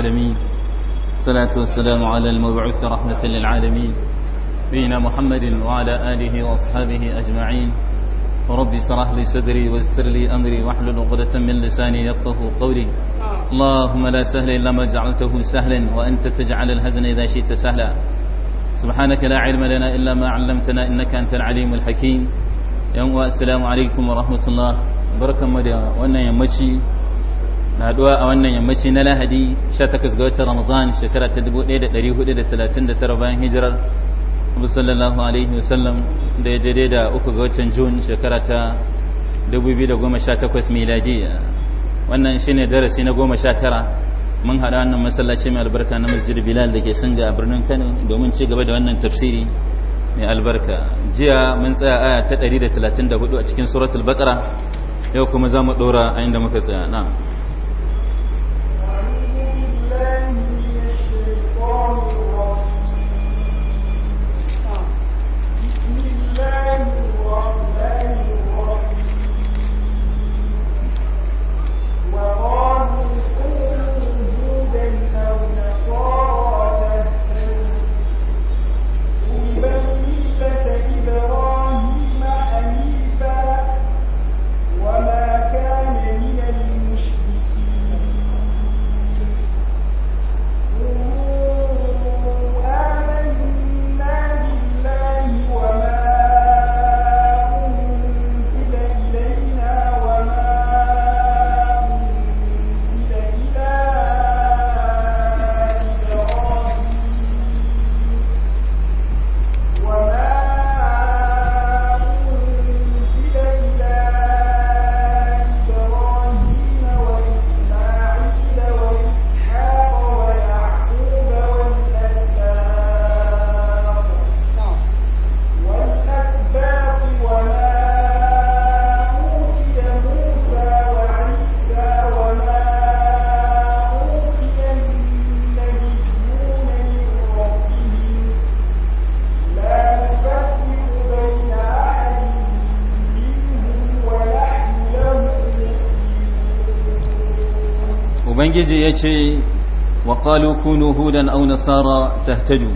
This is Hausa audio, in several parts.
العالمين الصلاة والسلام على المبعوث رحمة للعالمين بين محمد وعلى آله وأصحابه أجمعين ورب اشرح لي صدري ويسر لي أمري واحلل عقدة من لساني يقه قولي اللهم لا سهل إلا ما جعلته سهلا وأنت تجعل الهزن إذا شئت سهلا سبحانك لا علم لنا إلا ما علمتنا إنك أنت العليم الحكيم يوم السلام عليكم ورحمة الله بركة مريم وأنا يمشي haduwa a wannan yammaci na lahadi 18 ga watan ramadan shekara ta 1439 bayan hijirar abu sallallahu alaihi wasallam da ya jade da uku ga watan jun shekara ta 2018 miladiya. wannan shine darasi na 19 mun haɗa wannan masallaci mai albarka na masjid bilal da ke singa a birnin kano domin ci gaba da wannan tafsiri mai albarka jiya mun tsaya aya ta 134 a cikin suratul baqara yau kuma za mu ɗora a inda muka tsaya na'am takunu hudan aw nasara tahtaju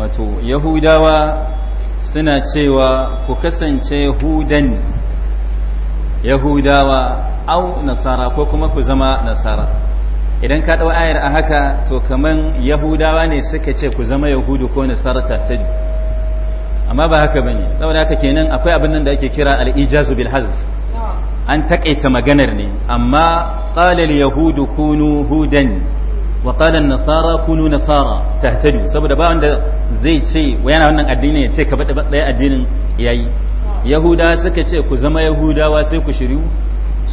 wato yahudawa suna cewa ku kasance hudan yahudawa au nasara ko kuma ku zama nasara idan ka ɗau ayar a haka to kaman yahudawa ne suka ce ku zama yahudu ko nasara tahtaju amma ba haka bane saboda haka kenan akwai abin nan da ake kira al-ijazu bil hadf an takaita maganar ne amma qala al-yahudu kunu hudan wa qala an-nasara kunu nasara tahtadu saboda ba wanda zai ce yana wannan addini ya ce ka bada ɗaya addinin yayi yahuda suka ce ku zama yahudawa sai ku shiru.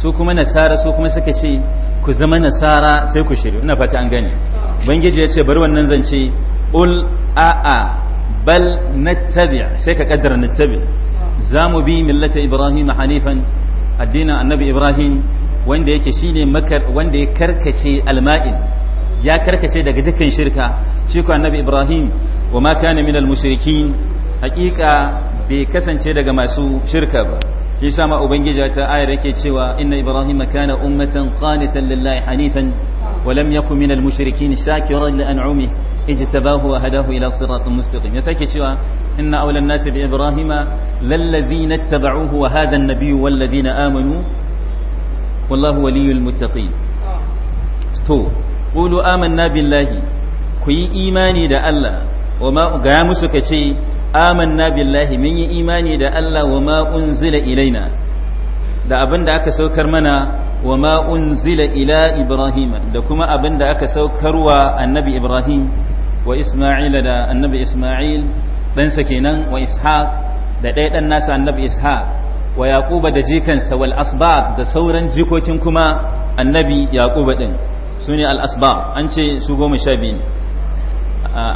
su kuma nasara su kuma suka ce ku zama nasara sai ku shiru ina fata an gane bangiji ya ce bari wannan zance ul a'a bal nattabi' sai ka kaddara nattabi' za mu bi millata ibrahim hanifan addinin annabi ibrahim wanda yake shine wanda ya karkace alma'in ya karkace daga dukkan shirka shi ko annabi ibrahim wa ma kana minal mushrikin hakika bai kasance daga masu shirka ba shi sama ubangiji ta ayar yake cewa inna ibrahim kana ummatan qanitan lillahi hanifan wa lam yakun minal mushrikin shakiran li an'umi ijtabahu wa hadahu ila siratin mustaqim ya sake cewa inna awlan nasi bi ibrahima lallazina ittaba'uhu wa hadha an-nabiyyu wallazina amanu wallahu waliyyul muttaqin to qulu amanna billahi ku yi imani da Allah wa ma ga musu kace amanna billahi mun yi imani da Allah wa ma unzila ilaina da abin da aka saukar mana wa ma unzila ila ibrahima da kuma abin da aka saukarwa annabi ibrahim wa isma'ila da annabi isma'il ɗansa kenan wa ishaq da ɗaya ɗan nasa annabi ishaq wa Yakuba da jikansa wal asbab da sauran jikokin kuma annabi yaquba din su ne al'asbab an ce su goma sha biyu ne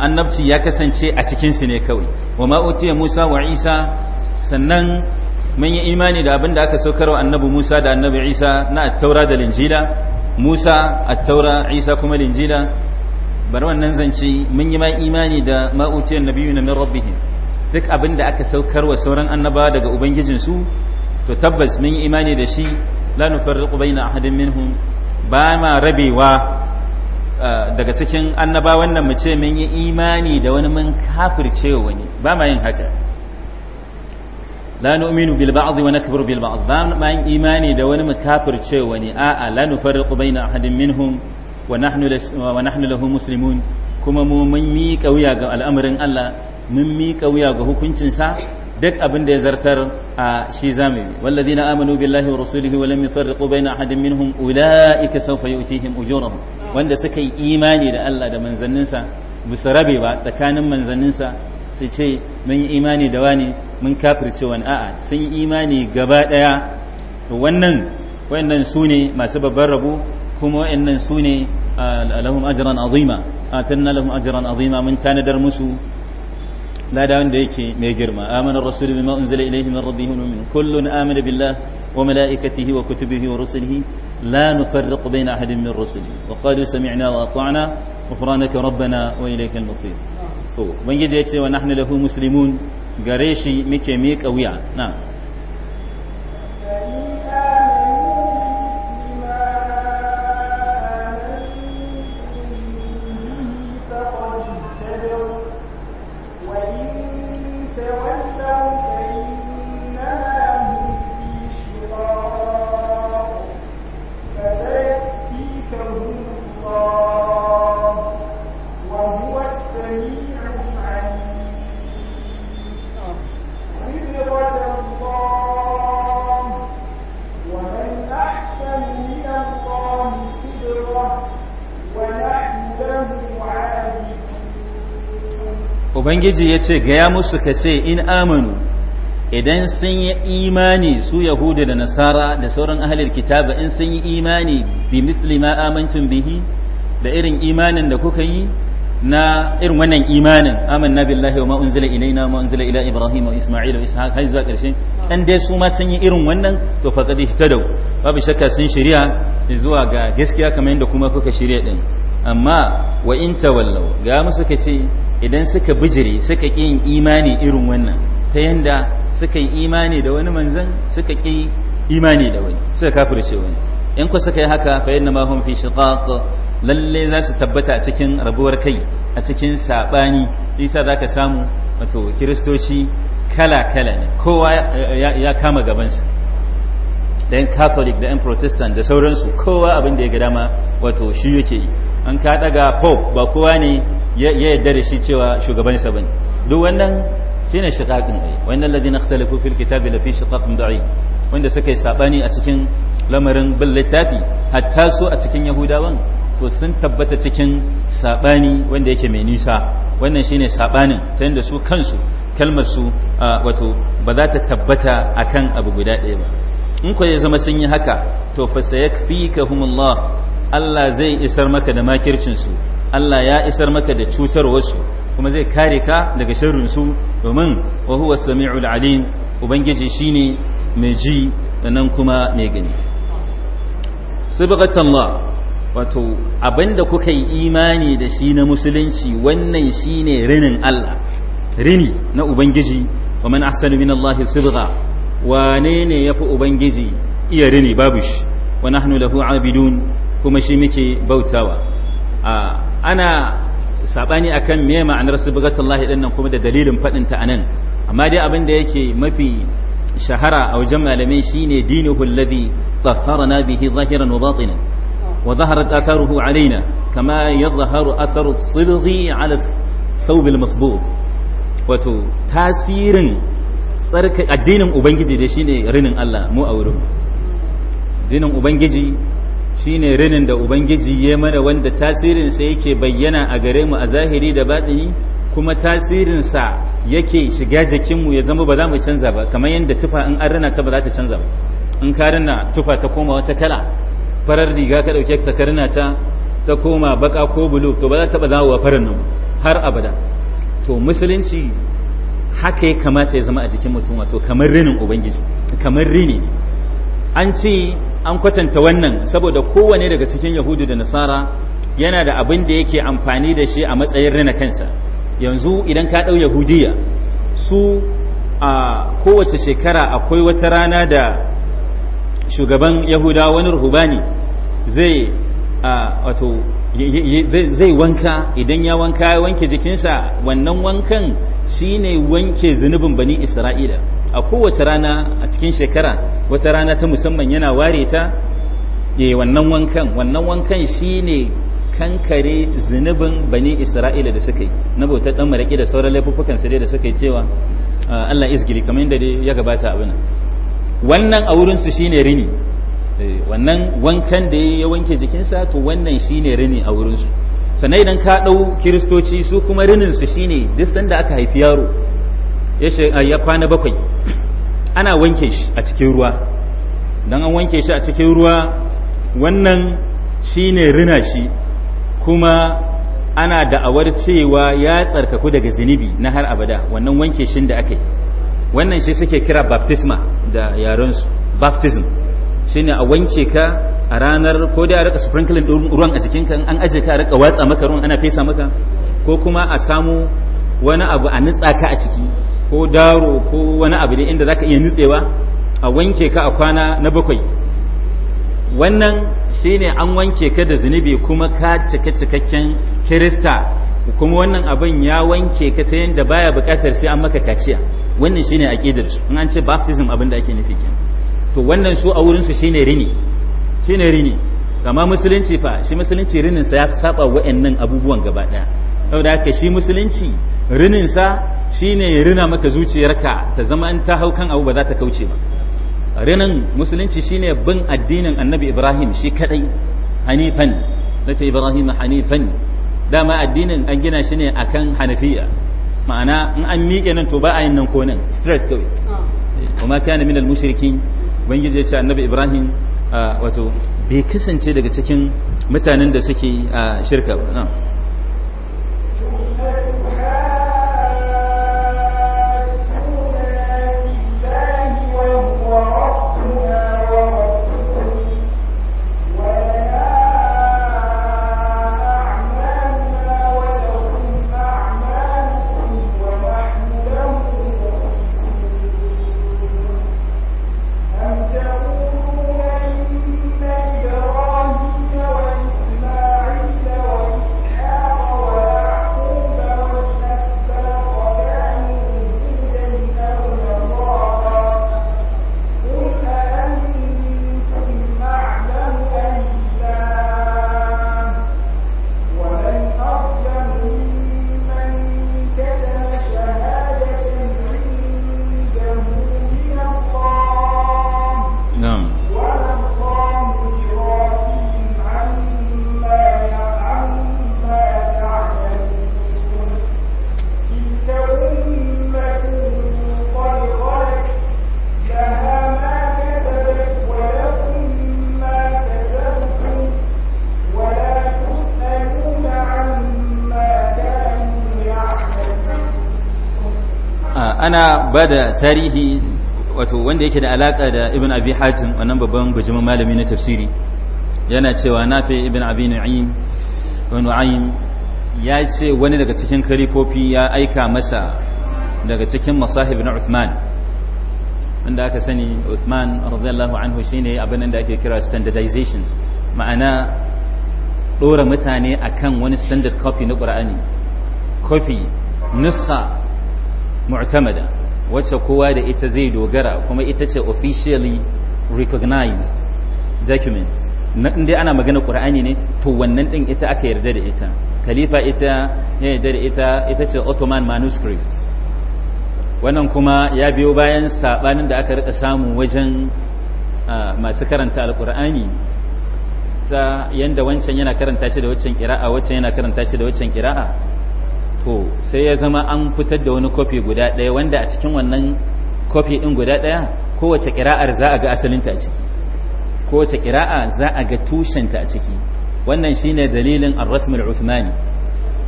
annabci ya kasance a cikinsu ne kawai wa ma'utiya musa wa isa sannan mun yi imani da abin da aka saukarwa annabu musa da annabu isa na attaura da linjila musa attaura isa kuma linjila bar wannan zance mun yi ma imani da ma'utiyar nabiyu na min rabbihim duk abin da aka saukarwa sauran annabawa daga ubangijinsu to tabbas mun yi imani da shi la nufarriqu baina ahadin minhum ba ma rabewa eh, daga cikin annabawan nan mu ce mun yi imani da wani mun kafirce wani ba ma yin haka la nu'minu bil ba'd wa nakfuru bil ba'd ba ma yin imani da wani mu kafirce wani a a la nufarriqu baina ahadin minhum wa nahnu wa nahnu lahu muslimun kuma mu mun miƙa wuya ga al'amarin Allah mun miƙa wuya ga hukuncin sa duk abin da ya zartar a shi zamu yi walladina amanu billahi wa rasulihi wa lam yufarriqu baina ahadin minhum ulaika sawfa yu'tihim ujurahum wanda suka yi imani da Allah da manzanninsa bisa rabe ba tsakanin manzanninsa su ce mun yi imani da wani mun kafirce wani a'a sun yi imani gaba daya to wannan wayannan su ne masu babbar rabo kuma wayannan su ne lahum ajran azima atanna lahum ajran azima mun tanadar musu lada wanda yake mai girma amana rasul bima unzila ilayhi min rabbih wa amana billah wa malaikatihi wa kutubihi wa rusulihi la nufarriqu bayna wa qalu sami'na wa ata'na so ubangiji yace nahnu gare shi muke miƙa wuya na. ubangiji ya ce gaya musu ka ce in amanu idan sun yi imani su da nasara da sauran ahalar kitaba in sun yi imani bi misli ma bihi da irin imanin da kuka yi na irin wannan imanin amanna billahi wa ilaina ila ibrahim wa isma'il wa ishaq har zuwa karshe an dai su ma sun yi irin wannan to faqad ihtadaw babu shakka sun shirya zuwa ga gaskiya kamar yadda kuma kuka shirya din amma wa in tawallaw ga musu kace idan suka bijire suka ƙi yin imani irin wannan ta yadda suka yi imani da wani manzan suka ƙi imani da wani suka kafirce wani in ku suka yi haka fa yadda mahun fi shiqaq lalle za su tabbata a cikin rabuwar kai a cikin saɓani isa za ka samu wato kiristoci kala kala ne kowa ya kama gabansa da yan catholic da yan protestant da sauransu kowa abin da ya ga dama wato shi yake yi an ka daga pope ba kowa ne ya yarda da shi cewa shugaban sa bane duk wannan shine shiqaqin ai wannan ladina ikhtalafu fil kitabi la fi shiqaqin da'i wanda suka yi sabani a cikin lamarin bil littafi hatta su a cikin yahudawan to sun tabbata cikin sabani wanda yake mai nisa wannan shine sabanin ta yanda su kansu kalmar su wato ba za ta tabbata akan abu guda ɗaya ba in ko ya zama sun yi haka to fa sayakfikahumullah Allah zai isar maka da makircin su Allah ya isar maka da cutarwarsu kuma zai kare ka daga sharrinsu domin wa huwa sami'ul alim ubangiji shine mai ji nan kuma mai gani subhanallah wato abinda kuka yi imani da shi na musulunci wannan shine rinin Allah rini na ubangiji wa man ahsanu min Allah wane ne yafi ubangiji iya rini babu shi wa nahnu lahu abidun kuma shi muke bautawa a ana sabani akan me ma'anar subhanallahi ɗin nan kuma da dalilin faɗinta a anan amma dai abin da yake mafi shahara a wajen malamai shine dinuhu alladhi na bihi zahiran wa batinan wa zaharat atharuhu alaina kama yadhharu atharu as-sidghi ala thawb al-masbub wato tasirin tsarka addinin ubangiji shi shine rinin Allah mu a wurin dinin ubangiji shine rinin da ubangiji ya mana wanda tasirinsa yake bayyana a gare mu a zahiri da baɗini kuma tasirinsa yake shiga jikinmu ya zama ba za mu canza ba kamar yadda tufa in an rana ta ba za ta canza ba in ka rana tufa ta koma wata kala farar riga ka ɗauke ta karna ta ta koma baka ko bulu to ba za ta ba wa farin nan har abada to musulunci haka ya kamata ya zama a jikin mutum wato kamar rinin ubangiji kamar rini an ce an kwatanta wannan saboda kowane daga cikin yahudu da nasara yana da abin da yake amfani da shi a matsayin rina kansa yanzu idan ka ɗau yahudiya su a kowace shekara akwai wata rana da shugaban yahuda wani ruhubani zai zai wanka idan ya wanka ya wanke jikinsa wannan wankan shine wanke zunubin bani isra'ila a kowace rana a cikin shekara wata rana ta musamman yana ware ta ya wannan wankan wannan wankan shine kankare zunubin bani isra'ila da suka yi na bauta ɗan maraƙi da sauran laifukan da suka yi cewa ah, Allah isgiri kamar yadda dai ya gabata abin wannan a wurinsu shi shine rini eh, wannan wankan da ya wanke jikinsa to wannan shine rini a wurinsu. sannan idan ka ɗau kiristoci su kuma rininsu su shine duk sanda aka haifi yaro ya kwana bakwai ana wanke shi a cikin ruwa don an wanke shi a cikin ruwa wannan shi ne rina shi kuma ana da'awar cewa ya tsarkaku daga zunubi na har abada wannan wanke shin da aka yi wannan shi suke kira baptisma da yarensu baptism shi ne a wanke ka a ranar ko da a rika sprinkling ruwan a jikinka an aje ka a rika watsa maka ruwan ana fesa maka ko kuma a samu wani abu a nutsa ka a ciki ko daro ko wani abu ne inda zaka iya nutsewa a wanke ka a kwana na bakwai wannan shine an wanke ka da zunubi kuma ka cika cikakken kirista kuma wannan abin ya wanke ka ta yadda baya bukatar sai an maka kaciya wannan shine aqidar su in an ce baptism abin da ake nufi kenan to wannan su a wurin su shine rini shine rini amma musulunci fa shi musulunci rinin sa ya saba wa'annan abubuwan gaba daya saboda haka shi musulunci rininsa shine ya rina maka zuciyarka ta zama in ta hau kan abu ba za ta kauce ba rinin musulunci shine bin addinin annabi ibrahim shi kadai hanifan ta ibrahim hanifan dama addinin an gina shi ne akan hanafiya ma'ana in an miƙe nan to ba a yin nan ko nan straight kawai kuma ah. kana min al mushriki ubangiji ya ce annabi ibrahim ah, wato bai kasance daga cikin mutanen da suke ah, shirka ba lura tarihi wato wanda yake da alaka da ibn abi hatim wannan babban bujimin malami na tafsiri yana cewa nafi ibn abi wani nu'aym ya ce wani daga cikin kalifofi ya aika masa daga cikin masahib na Uthman wanda aka sani Uthman radiyallahu anhu shine abin da ake kira standardization ma'ana ɗora mutane akan wani standard copy na Qur'ani copy nuskha mu'tamada wacce kowa da ita zai dogara kuma ita ce officially recognized document na inda ana magana qur'ani ne to wannan din ita aka yarda da ita khalifa ita ya yarda da ita ita ce ottoman manuscript wannan kuma ya biyo bayan sabanin da aka rika samu wajen masu karanta alqur'ani ta yanda wancan yana karanta shi da waccan kira'a wancan yana karanta shi da waccan kira'a. to sai ya zama an fitar da wani kofi guda ɗaya wanda a cikin wannan kofi ɗin guda ɗaya kowace ƙira'ar za a ga asalinta a ciki kowace ƙira'a za a ga tushenta a ciki wannan shine dalilin ar-rasmul uthmani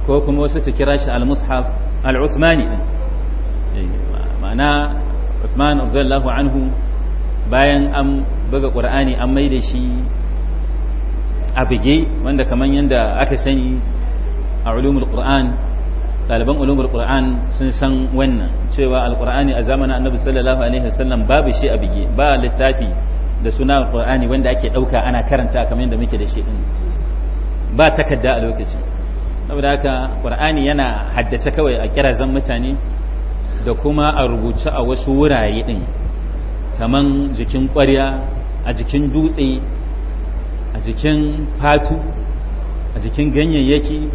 ko kuma wasu su kira shi al-mushaf al-uthmani din eh, ma'ana Uthman radiyallahu anhu bayan an buga Qur'ani an mai da shi abige wanda kaman yanda aka sani a ulumul Qur'an ɗaliban ulumul qur'an sun san wannan cewa alqur'ani a zamanin annabi sallallahu alaihi wasallam babu shi a bige ba littafi da suna alqur'ani wanda ake ɗauka ana karanta kamar yadda muke da shi din ba takarda a lokaci saboda haka qur'ani yana haddace kawai a kirazan mutane da kuma a rubuce a wasu wurare din kaman jikin ƙwarya a jikin dutse a jikin fatu a jikin ganyayyaki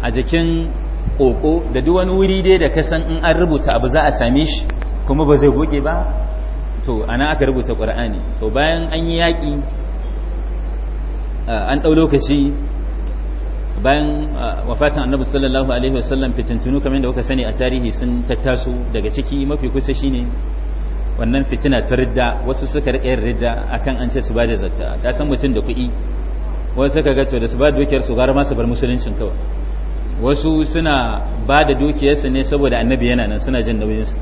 a jikin koko da duk wani wuri dai da kasan in an rubuta abu za a same shi kuma ba zai goge ba to ana aka rubuta qur'ani to bayan an yi yaki an dau lokaci bayan wafatan annabi sallallahu alaihi wasallam fitintunu kamar da kuka sani a tarihi sun tattaso daga ciki mafi kusa shine wannan fitina ta ridda wasu suka rike ridda akan an ce su ba da zakka da san mutum da kuɗi wasu suka ga to da su ba dukiyar su gara ma su bar musuluncin kawai wasu suna ba da dukiyarsu ne saboda annabi yana nan suna jin nauyinsu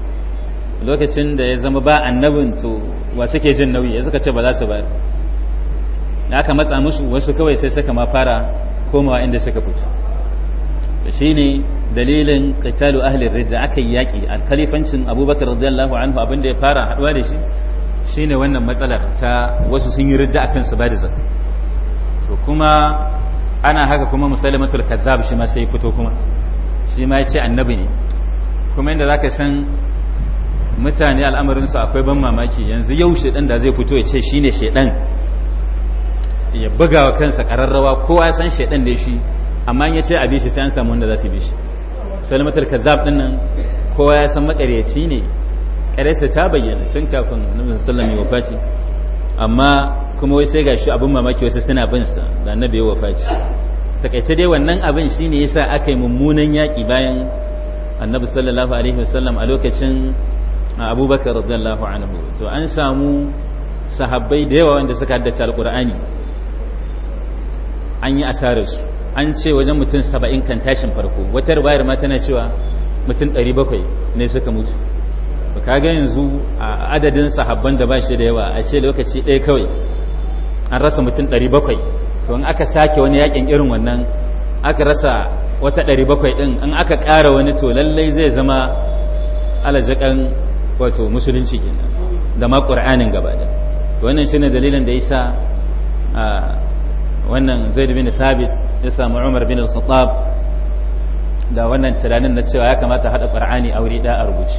lokacin da ya zama ba annabin to wa suke jin nauyi ya suka ce ba za su ba da aka matsa musu wasu kawai sai suka ma fara komawa inda suka fito shi ne dalilin qitalu ahli ridda aka yi yaƙi a kalifancin abubakar radiyallahu anhu abinda ya fara haɗuwa da shi shine wannan matsalar ta wasu sun yi ridda a kansu ba da zaka to kuma ana haka kuma musalimatul kazzab shi ma sai fito kuma shi ma yace annabi ne kuma inda zaka san mutane al'amarin su akwai ban mamaki yanzu yau shedan da zai fito ya ce shine shedan ya buga wa kansa kararrawa kowa ya san shedan da shi amma in yace a bi shi sai an samu wanda za su bi shi musalimatul kazzab din nan kowa ya san makaryaci ne karesa ta bayyana tun kafin alaihi wasallam ya wafaci amma kuma wai sai gashi abin mamaki wasu suna bin sa da annabi ya ci takaice dai wannan abin shine yasa aka yi mummunan yaki bayan annabi sallallahu alaihi wasallam a lokacin abubakar radiyallahu anhu to an samu sahabbai da yawa wanda suka haddace alqur'ani an yi asarar su an ce wajen mutum saba'in kan tashin farko wata rubayar ma tana cewa mutum ɗari bakwai ne suka mutu ba ka ga yanzu a adadin sahabban da ba shi da yawa a ce lokaci ɗaya kawai an rasa mutum 700 to in aka sake wani yakin irin wannan aka rasa wata 700 din in aka kara wani to lallai zai zama alazakan wato musulunci kenan da ma qur'anin gaba da wannan shine dalilin da yasa wannan Zaid bin Thabit ya samu Umar bin Al-Khattab da wannan tiranin na cewa ya kamata hada qur'ani a wuri da a rubuce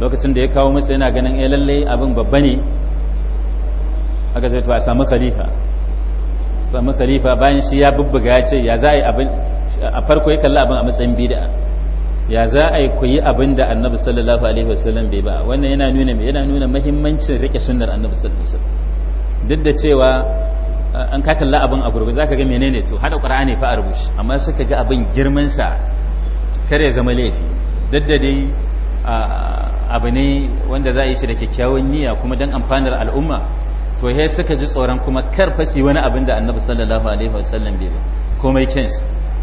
lokacin da ya kawo masa yana ganin eh lalle abin babba ne aka zai to a samu khalifa samu khalifa bayan shi ya bubbuga ya ce ya za a yi abin a farko ya kalli abin a matsayin bid'a ya za a yi ku yi abin da annabi sallallahu alaihi wasallam bai ba wannan yana nuna mai yana nuna muhimmancin rike sunnar annabi sallallahu alaihi wasallam duk da cewa an eh, ka kalla abin a gurbi zaka ga menene to hada qur'ani fa a rubuce amma suka ga abin girman sa kare zama laifi duk da dai eh, abu ne wanda za a yi shi da kyakkyawan niyya kuma don amfanar al'umma to he suka ji tsoron kuma kar fasi wani abin da annabi sallallahu alaihi wasallam bai komai kins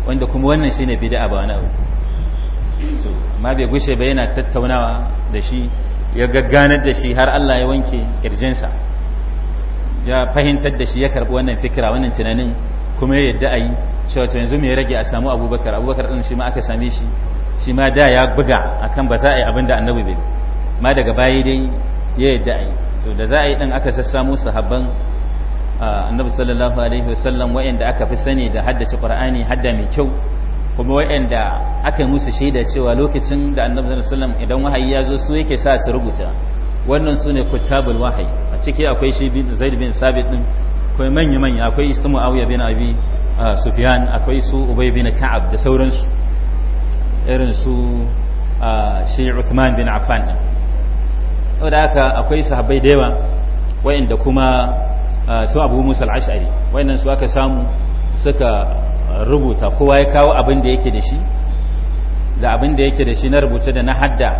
wanda kuma wannan shine bid'a ba wani abu so amma bai gushe ba yana tattaunawa da shi ya gagganar da shi har Allah ya wanke kirjinsa ya fahimtar da shi ya karbi wannan fikira wannan tunanin kuma ya yadda ayi cewa to yanzu me ya rage a samu Abubakar Abubakar din shi ma aka same shi shi ma da ya buga akan ba za a yi abin da annabi bai ma daga baya dai ya yadda ayi to da za a yi din aka sassamo sahabban annabi sallallahu alaihi wasallam wayanda aka fi sani da haddace qur'ani hadda mai kyau kuma wayanda aka yi musu shaida cewa lokacin da annabi sallallahu alaihi wasallam idan wahayi ya zo su yake sa su rubuta wannan su ne kutabul wahayi a ciki akwai shi bin zaid bin sabit din akwai manya manya akwai su muawiya bin abi sufyan akwai su ubay bin ka'ab da sauransu irin su shi uthman bin affan saboda haka akwai sahabbai da yawa wayanda kuma ah, su abu musa al'ashari wayannan su aka samu suka rubuta kowa ya kawo abin da yake da shi da abin da yake da shi na rubuce da na hadda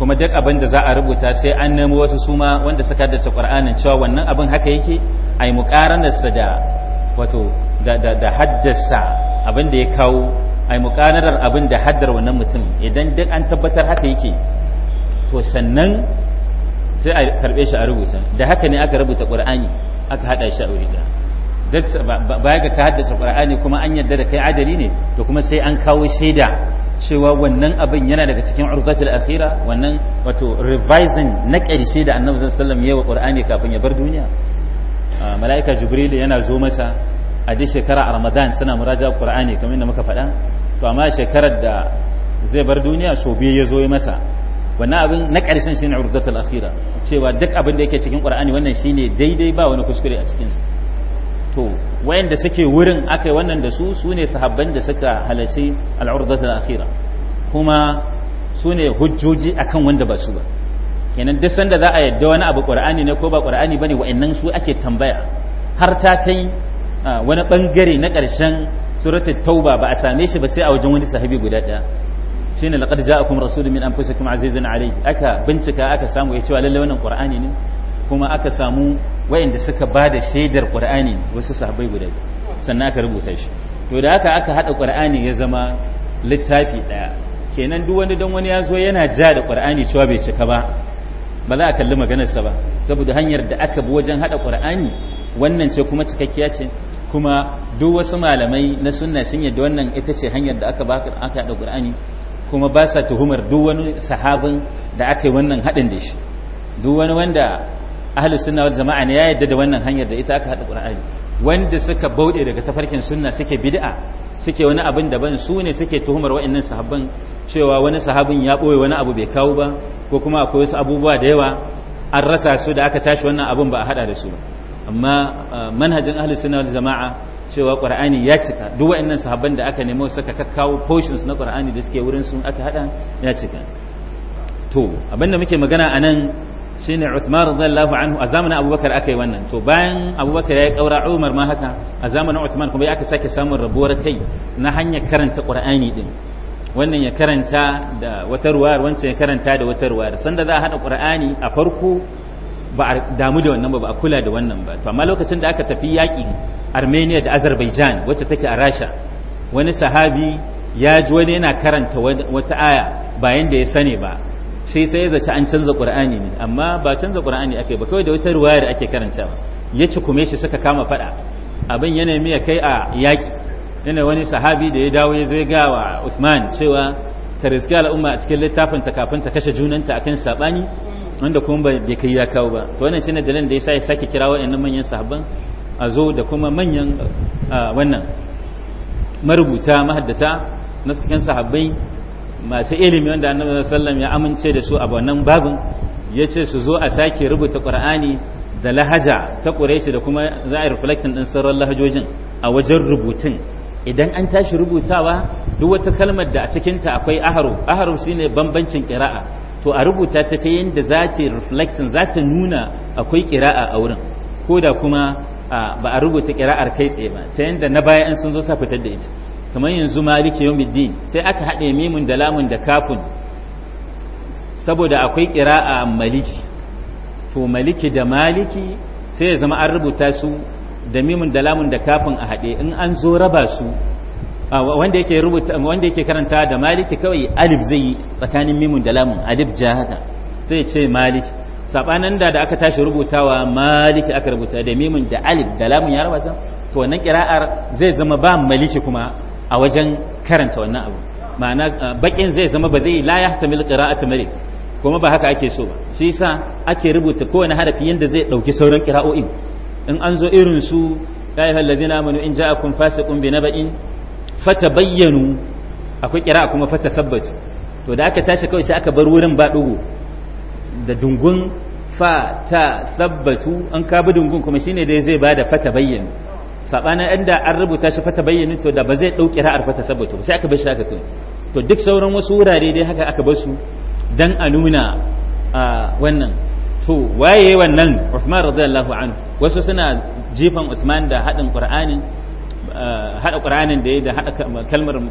kuma duk abin da za a rubuta sai an nemo wasu suma wanda suka haddace qur'anin cewa wannan abin haka yake ai muqaranarsa da wato da da da haddasa abin da ya kawo ai muqaranar abin da haddar wannan mutum idan duk an tabbatar haka yake to sannan sai a karbe shi a rubuta da haka ne aka rubuta qur'ani aka hada shi a wuri da duk baya ga ka haddasa qur'ani kuma an yadda da kai adali ne to kuma sai an kawo shaida cewa wannan abin yana daga cikin urzatul akhira wannan wato revising na ƙarshe da annabi sallallahu alaihi wasallam wa qur'ani kafin ya bar duniya mala'ika jibril yana zo masa a duk shekara a ramadan suna muraja qur'ani kamar yadda muka faɗa to amma shekarar da zai bar duniya so biyu ya zo masa wannan abin na ƙarshen shine urdatul akhira cewa duk abin da yake cikin qur'ani wannan shine daidai ba wani kuskure a cikin to wayanda suke wurin aka wannan da su su ne sahabban da suka halarci al'urdatul akhira kuma su ne hujjoji akan wanda ba su ba kenan duk sanda za a yadda wani abu qur'ani ne ko ba qur'ani bane wayannan su ake tambaya har ta kai ah, wani bangare na ƙarshen suratul tauba ba a same shi ba sai a wajen wani sahabi guda ɗaya shine laqad ja'akum rasulun min anfusikum azizun alayhi aka bincika aka samu ya cewa lalle wannan qur'ani ne kuma aka samu wayanda suka bada shaidar qur'ani wasu sahabbai guda sannan aka rubuta shi to da haka aka hada qur'ani ya zama littafi daya kenan duk wani dan wani ya zo yana ja da qur'ani cewa bai cika ba ba za a kalli maganarsa ba saboda hanyar da aka bi wajen hada qur'ani wannan ce kuma cikakkiya ce kuma duk wasu malamai na sunna sun yadda wannan ita ce hanyar da aka baka aka hada qur'ani kuma ba sa tuhumar duk wani sahabin da aka yi wannan haɗin da shi duk wani wanda ahalus sunna wal jama'a ne ya yadda da wannan hanyar da ita aka haɗa qur'ani wanda suka bauɗe daga tafarkin sunna suke bid'a suke wani abin daban su ne suke tuhumar wa'annan sahabban cewa wani sahabin ya ɓoye wani abu bai kawo ba ko kuma akwai wasu abubuwa da yawa an rasa su da aka tashi wannan abin ba a haɗa da su ba amma eh, manhajin ahalus sunna wal jama'a cewa ƙwar'ani ya cika duk wa'annan sahabban da aka nemo suka kakkawo portions na ƙwar'ani da suke wurin sun aka hada ya cika to abinda muke magana a anan shine Uthman radiyallahu anhu a zamanin Abubakar aka yi wannan to bayan Abubakar ya yi kaura Umar ma haka a zamanin Uthman kuma ya aka sake samun rabuwar kai na hanyar karanta ƙwar'ani din wannan ya karanta da wata ruwa wancan ya karanta da wata ruwa sanda za a haɗa ƙwar'ani a farko ba a damu da wannan ba ba a kula da wannan ba to amma lokacin da aka tafi yaƙi armenia da azerbaijan wacce take a rasha wani sahabi ya ji wani yana karanta wata aya bayan da ya sani ba sai sai ya zaci an canza qur'ani ne amma ba canza qur'ani ake ba kawai da wata ruwaya da ake karantawa ya ci kume shi suka kama fada abin yana miya kai a yaƙi yana wani sahabi da ya dawo ya zo ya gawa Uthman cewa ta rizki al'umma a cikin littafin ta kafin ta kashe junanta akan sabani wanda kuma bai kai ya kawo ba to wannan shine dalilin da yasa ya sake kira waɗannan manyan sahabban a zo da kuma manyan wannan marubuta mahaddata na cikin sahabbai masu ilimi wanda annabi sallam ya amince da su a wannan babin ya ce su zo a sake rubuta qur'ani da lahaja ta quraishi da kuma za a reflecting din sauran lahajojin a wajen rubutun idan an tashi rubutawa duk wata kalmar da a cikinta akwai aharu aharu shine bambancin qira'a to a rubuta ta ta yadda za ta reflecting za ta nuna akwai kira'a a wurin ko da kuma ba a rubuta kira'ar kai tsaye ba ta yadda na baya an sun zo sa fitar da ita kamar yanzu maliki yawmiddin sai aka haɗe mimun da lamun da kafin. saboda akwai kira'a maliki to maliki da maliki sai ya zama an rubuta su da mimun da lamun da kafin a haɗe in an zo raba su Ah, wanda yake rubuta wanda yake karanta da maliki kawai alif zai tsakanin mimun da lamun alif ja haka sai ya ce maliki sabanan da da aka tashi rubutawa maliki aka rubuta da mimun da alif da lamun ya rubuta to wannan kira'ar zai zama ba maliki kuma a wajen karanta wannan abu ma'ana ah, bakin zai zama ba zai la yahtamil qira'atu malik kuma ba haka ake so ba shi yasa ake rubuta kowane harafi yanda zai dauki sauran qira'o'in in an zo irin su ya ayyuhallazina amanu in ja'akum fasiqun bi naba'in fata bayyanu akwai kira kuma fata sabbatu to da aka tashi kawai sai aka bar wurin ba dugo da dungun fa ta sabbatu an ka bi dungun kuma shine dai zai bada fata bayyanu sabana inda an rubuta shi fata bayyanu to da ba zai dauki ra'ar fata sabbatu sai aka bar shi haka kai to duk sauran wasu wurare dai haka aka bar su dan a nuna wannan to waye wannan Uthman radiyallahu anhu wasu suna jifan Uthman da hadin Qur'ani Eh, hada qur'anin da ya da hada kalmar eh,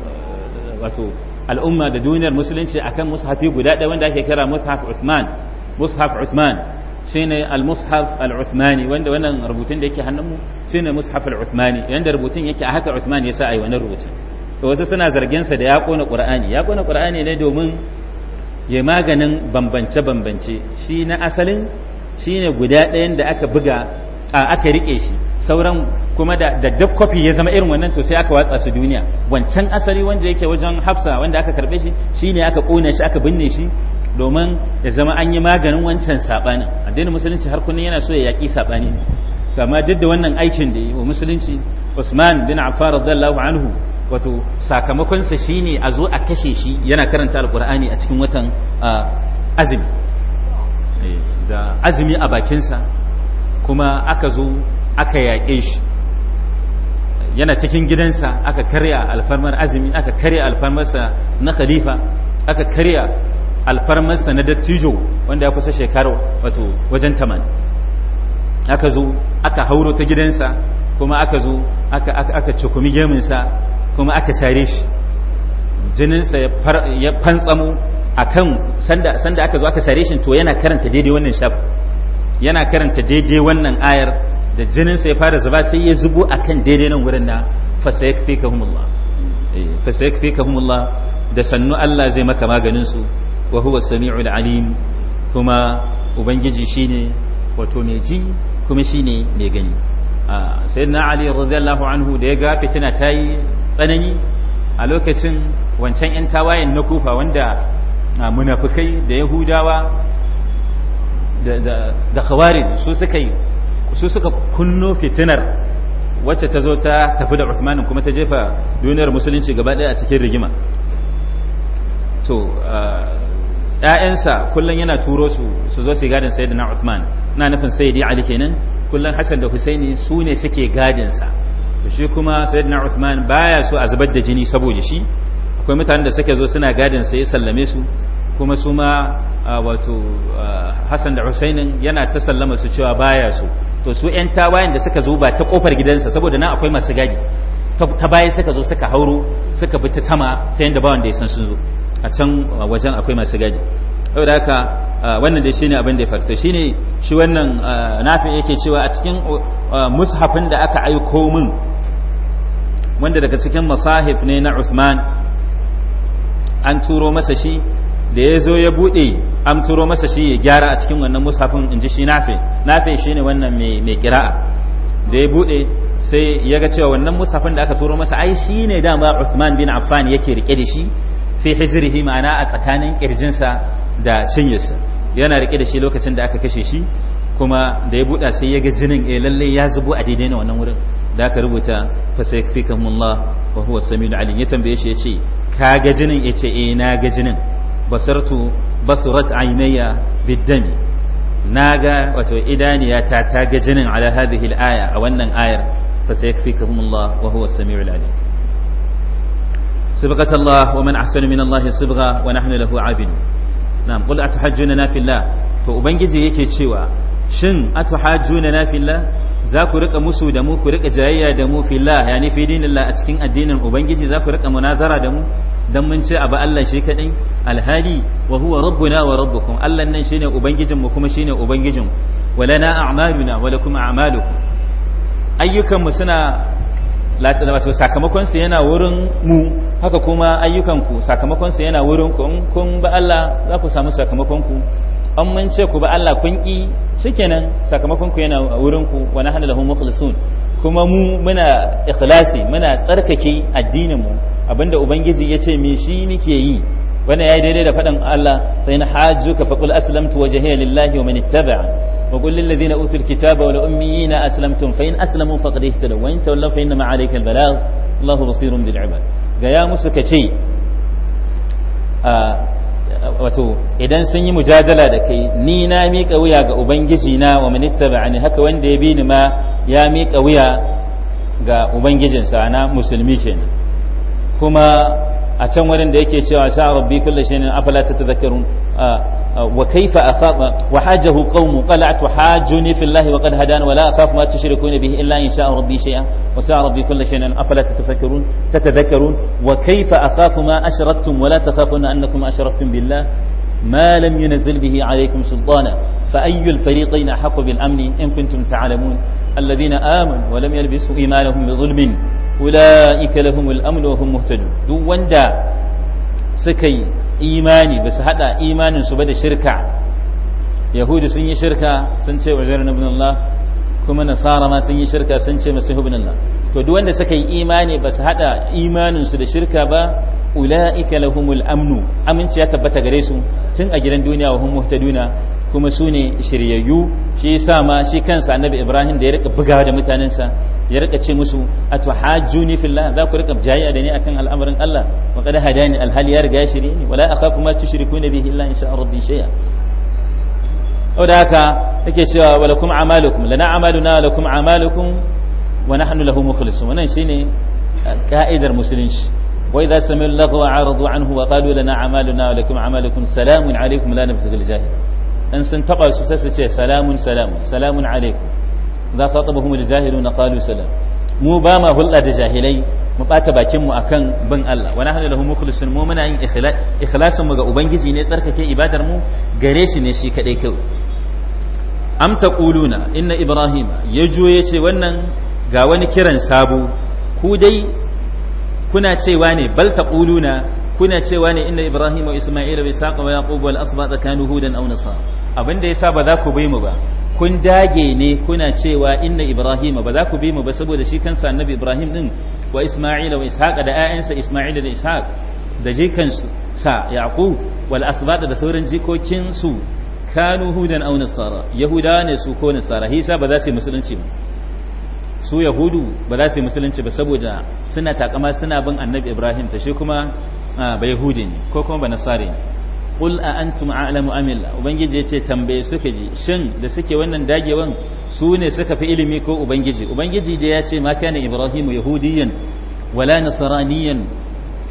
wato al'umma da duniyar musulunci akan mushafi guda ɗaya wanda ake kira mushaf Uthman mushaf Uthman shine al-mushaf al-Uthmani wanda wannan rubutun da yake hannunmu shine mushaf al-Uthmani yanda rubutun yake a haka Uthman yasa ai wannan rubutun to wasu suna zargin sa da ya kona Qur'ani ya kona Qur'ani ne domin ya maganin bambance bambance shi na asalin shine guda ɗayan da aka buga aka rike shi sauran kuma da da kofi ya zama irin wannan to sai aka watsa su duniya wancan asali wanda yake wajen hafsa wanda aka karbe shi shine aka kone shi aka binne shi domin ya zama an yi maganin wancan sabanin addinin musulunci har kunan yana so ya yaki sabani ne amma duk da wannan aikin da yi wa musulunci Usman bin Affan radiyallahu anhu wato sakamakonsa shine a zo a kashe shi yana karanta alkur'ani a cikin watan ah, azumi eh, da azumi a bakinsa kuma aka zo aka yaƙe shi yana cikin gidansa aka karya alfarmar azumi aka karya alfarmarsa na khalifa aka karya alfarmarsa na dattijo wanda ya kusa shekaru wato wajen taman aka zo aka hauro ta gidansa kuma aka zo aka cikumi geminsa kuma aka share shi jininsa ya fantsamo a sanda sanda aka zo aka share shi to yana karanta daidai wannan shafi yana karanta daidai wannan ayar da jinin sa ya fara zuba sai ya zubo akan daidai nan wurin na fasayakfikahumullah eh, fasayakfikahumullah da sannu Allah zai maka maganin su wa huwa samiul alim kuma ubangiji shine wato mai ji kuma shine mai gani ah, sayyidina ali radiyallahu anhu da ya ga fitina ta yi tsanani a lokacin wancan yan tawayen na kufa wanda ah, munafukai da yahudawa da khawarij su suka yi su suka kunno fitinar wacce ta zo ta tafi da Uthman kuma ta jefa duniyar musulunci gaba ɗaya a cikin rigima to ‘ya'yansa kullum yana turo su su zo su gadin sayyidina Uthman na nufin sayyidi Ali kenan kullum Hassan da Husaini su ne suke gadinsa shi kuma sayyidina Uthman baya so a zubar da jini saboda shi akwai mutanen da suke zo suna gadin sa ya sallame su kuma su ma wato Hassan da Husainin yana ta sallama su cewa baya su to su ƴan tawayen da suka zo ba ta kofar gidansa saboda nan akwai masu gaji ta baya suka zo suka hauro suka bi ta sama ta yanda ba wanda ya san sun zo a can wajen akwai masu gaji saboda haka wannan dai shine abin da ya farto shine shi wannan nafi yake cewa a cikin mushafin da aka aiko min wanda daga cikin masahif ne na Uthman an turo masa shi da ya zo ya buɗe an turo masa shi ya gyara a cikin wannan musafin in ji shi nafe nafe shi ne wannan mai kira'a da ya buɗe sai ya ga cewa wannan musafin da aka turo masa ai shi ne dama Usman bin Affan yake rike da shi fi hijrihi ma'ana a tsakanin kirjinsa da cinyarsa yana rike da shi lokacin da aka kashe shi kuma da ya buɗa sai ya ga jinin eh lalle ya zubo a daidai na wannan wurin da aka rubuta fa sai wa huwa samiul alim ya tambaye shi ce ka ga jinin ce eh na ga jinin basartu basurat ainaya biddami ga wato idaniya ta ta ga jinin ala hadhihi aya a wannan ayar fa sai sayakfikumullah wa huwa as-sami'ul alim صبغة الله ومن أحسن من الله صبغة ونحن له عابدون نعم قل na في الله Ubangiji yake cewa shin atuhajjunana fillah za ku rika musu da mu ku rika jayayya da mu fillah yani fi dinillah a cikin addinin ubangiji za ku rika munazara da mu dan mun ce abu Allah shi kaɗai, alhali wa huwa rabbuna wa rabbukum Allah nan shine ubangijin mu kuma shine ubangijin walana a'maluna wa lakum a'malukum ayyukan mu suna wato sakamakon su yana wurin mu haka kuma ayyukan ku sakamakon su yana wurin ku kun ba Allah za ku samu sakamakon ku an mun ce ku ba Allah kun ki shikenan sakamakon ku yana wurin ku wa nahnu lahum mukhlisun kuma mu muna ikhlasi muna tsarkake addininmu abinda ubangiji ya ce me shi nike yi ya yayi daidai da faɗin Allah sai na hajjuka fa qul aslamtu wajhiya lillahi wa man ittaba'a wa qul lil ladina utul kitaba wa ummiyina aslamtum fa in aslamu faqad da wa in wani fa inna ma alayka al balagh basirun bil ibad ga ya musu kace ah, wato idan sun yi mujadala da kai ni na mika wuya ga ubangiji na wa manittaba'ani haka wanda ya bi ni ma ya mika wuya ga ubangijinsa na musulmi kenan kuma a can wurin da yake cewa sha rabbi kullu shay'in afala tatadhakkarun wa kayfa akhaba wa hajahu qawmu qala'at wa hajuni fillahi wa qad hadana wa la akhafu ma tushrikuna bihi illa in sha rabbi shay'an wa sha rabbi kullu shay'in afala tatadhakkarun tatadhakkarun wa kayfa akhafu ma ashraktum wa la takhafuna annakum ashraktum billah ما لم ينزل به عليكم سلطانا فأي الفريقين أحق بالأمن إن كنتم تعلمون الذين آمنوا ولم يلبسوا إيمانهم بظلم أولئك لهم الأمن وهم مهتدون دو وندا سكي إيماني بس هذا إيمان سبدا شركة يهود سني شركة سنشي وجرنا ابن الله kuma nasara ma sun yi shirka sun ce masu hubin Allah to duk wanda suka yi imani ba su hada imaninsu da shirka ba ula'ika lahumul amnu aminci ya tabbata gare su tun a gidan duniya wa hum muhtaduna kuma su ne shiryayyu shi yasa ma shi kansa annabi ibrahim da ya rika bugawa da mutanensa ya rika ce musu atuhajjuni fillah za ku rika jayya da ni akan al'amarin Allah wa qad hadani alhal ya riga shirye ni wala akhafu ma tushrikuna bihi illa in sha'a rabbi shay'a da haka yake cewa wa lakum a'malukum lana a'maluna lakum a'malukum wa nahnu lahu mukhlisun wannan shine ka'idar musulunci وإذا سمعوا اللغو عارضوا عنه وقالوا لنا أعمالنا ولكم أعمالكم سلام عليكم لا نبتغي الجاهلين إن سنتقوا سلام سلام سلام عليكم إذا خاطبهم الجاهلون قالوا سلام mu ba ma hulɗa da jahilai mu bata bakinmu kan ban Allah wa nahnu lahu mukhlisun mu muna yin ikhlasin mu ga ubangiji ne tsarkake ibadar mu gare shi ne shi kadai kai am taquluna inna ibrahima yajo ce wannan ga wani kiran sabo ku dai kuna cewa ne bal taquluna kuna cewa ne inna ibrahim wa isma'il wa isaq wa yaqub wal asbata kanu hudan aw nasara abinda yasa ba za ku bai mu ba kun dage ne kuna cewa inna ibrahim ba za ku bi mu ba saboda shi kansa annabi ibrahim din wa Isma'il wa ishaq da ayansa Isma'il da ishaq da jikan sa yaqub wal asbata da sauran jikokin su kanu hudan aw nasara yahuda ne su ko nasara hisa ba za su yi musulunci ba su yahudu ba za su yi musulunci ba saboda suna takama suna bin annabi ibrahim ta shi kuma ba yahudi ne ko kuma ba nasari ne qul a antum a'lamu am ubangiji yace tambaye suka ji shin da suke wannan dagewan su ne suka fi ilimi ko ubangiji ubangiji da ce ma kana ibrahim yahudiyan wala nasraniyan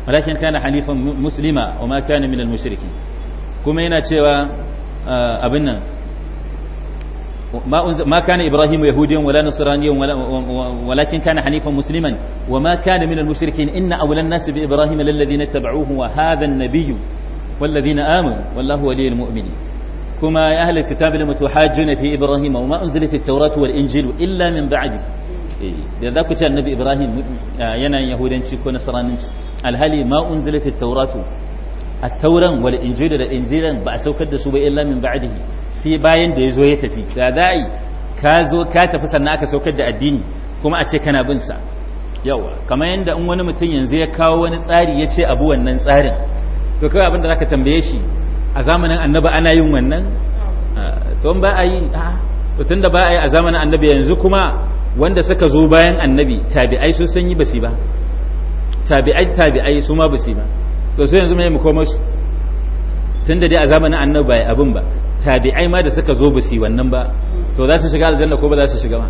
walakin kana hanifan muslima wa ma kana minal mushrikin kuma yana cewa abin nan ما كان إبراهيم يهوديا ولا نصرانيا ولا ولكن كان حنيفا مسلما وما كان من المشركين إن أولى الناس بإبراهيم للذين اتبعوه وهذا النبي والذين آمنوا والله ولي المؤمنين كما يا أهل الكتاب لم تحاجون في إبراهيم وما أنزلت التوراة والإنجيل إلا من بعده da za ku ce annabi ibrahim yanayin yahudanci ko nasaranci alhali ma unzilatit tauratu attauran wal injila da injilan ba a saukar da su ba illa min ba'dihi sai bayan da yazo ya tafi da dai ka zo ka tafi sannan aka saukar da addini kuma a ce kana bin sa yawa kamar yanda in wani mutum yanzu ya kawo wani tsari ya ce abu wannan tsarin to kawai abin da zaka tambaye shi a ana yin wannan to ba a yi ba a a zamanin annabi yanzu kuma wanda suka zo bayan annabi tabi'ai su sun yi tabi'ai tabi'ai to sai yanzu mai mu koma su da dai a zamanin annabi bai abin ba tabi'ai ma da suka zo ba su wannan ba to za su shiga aljanna ko ba za su shiga ma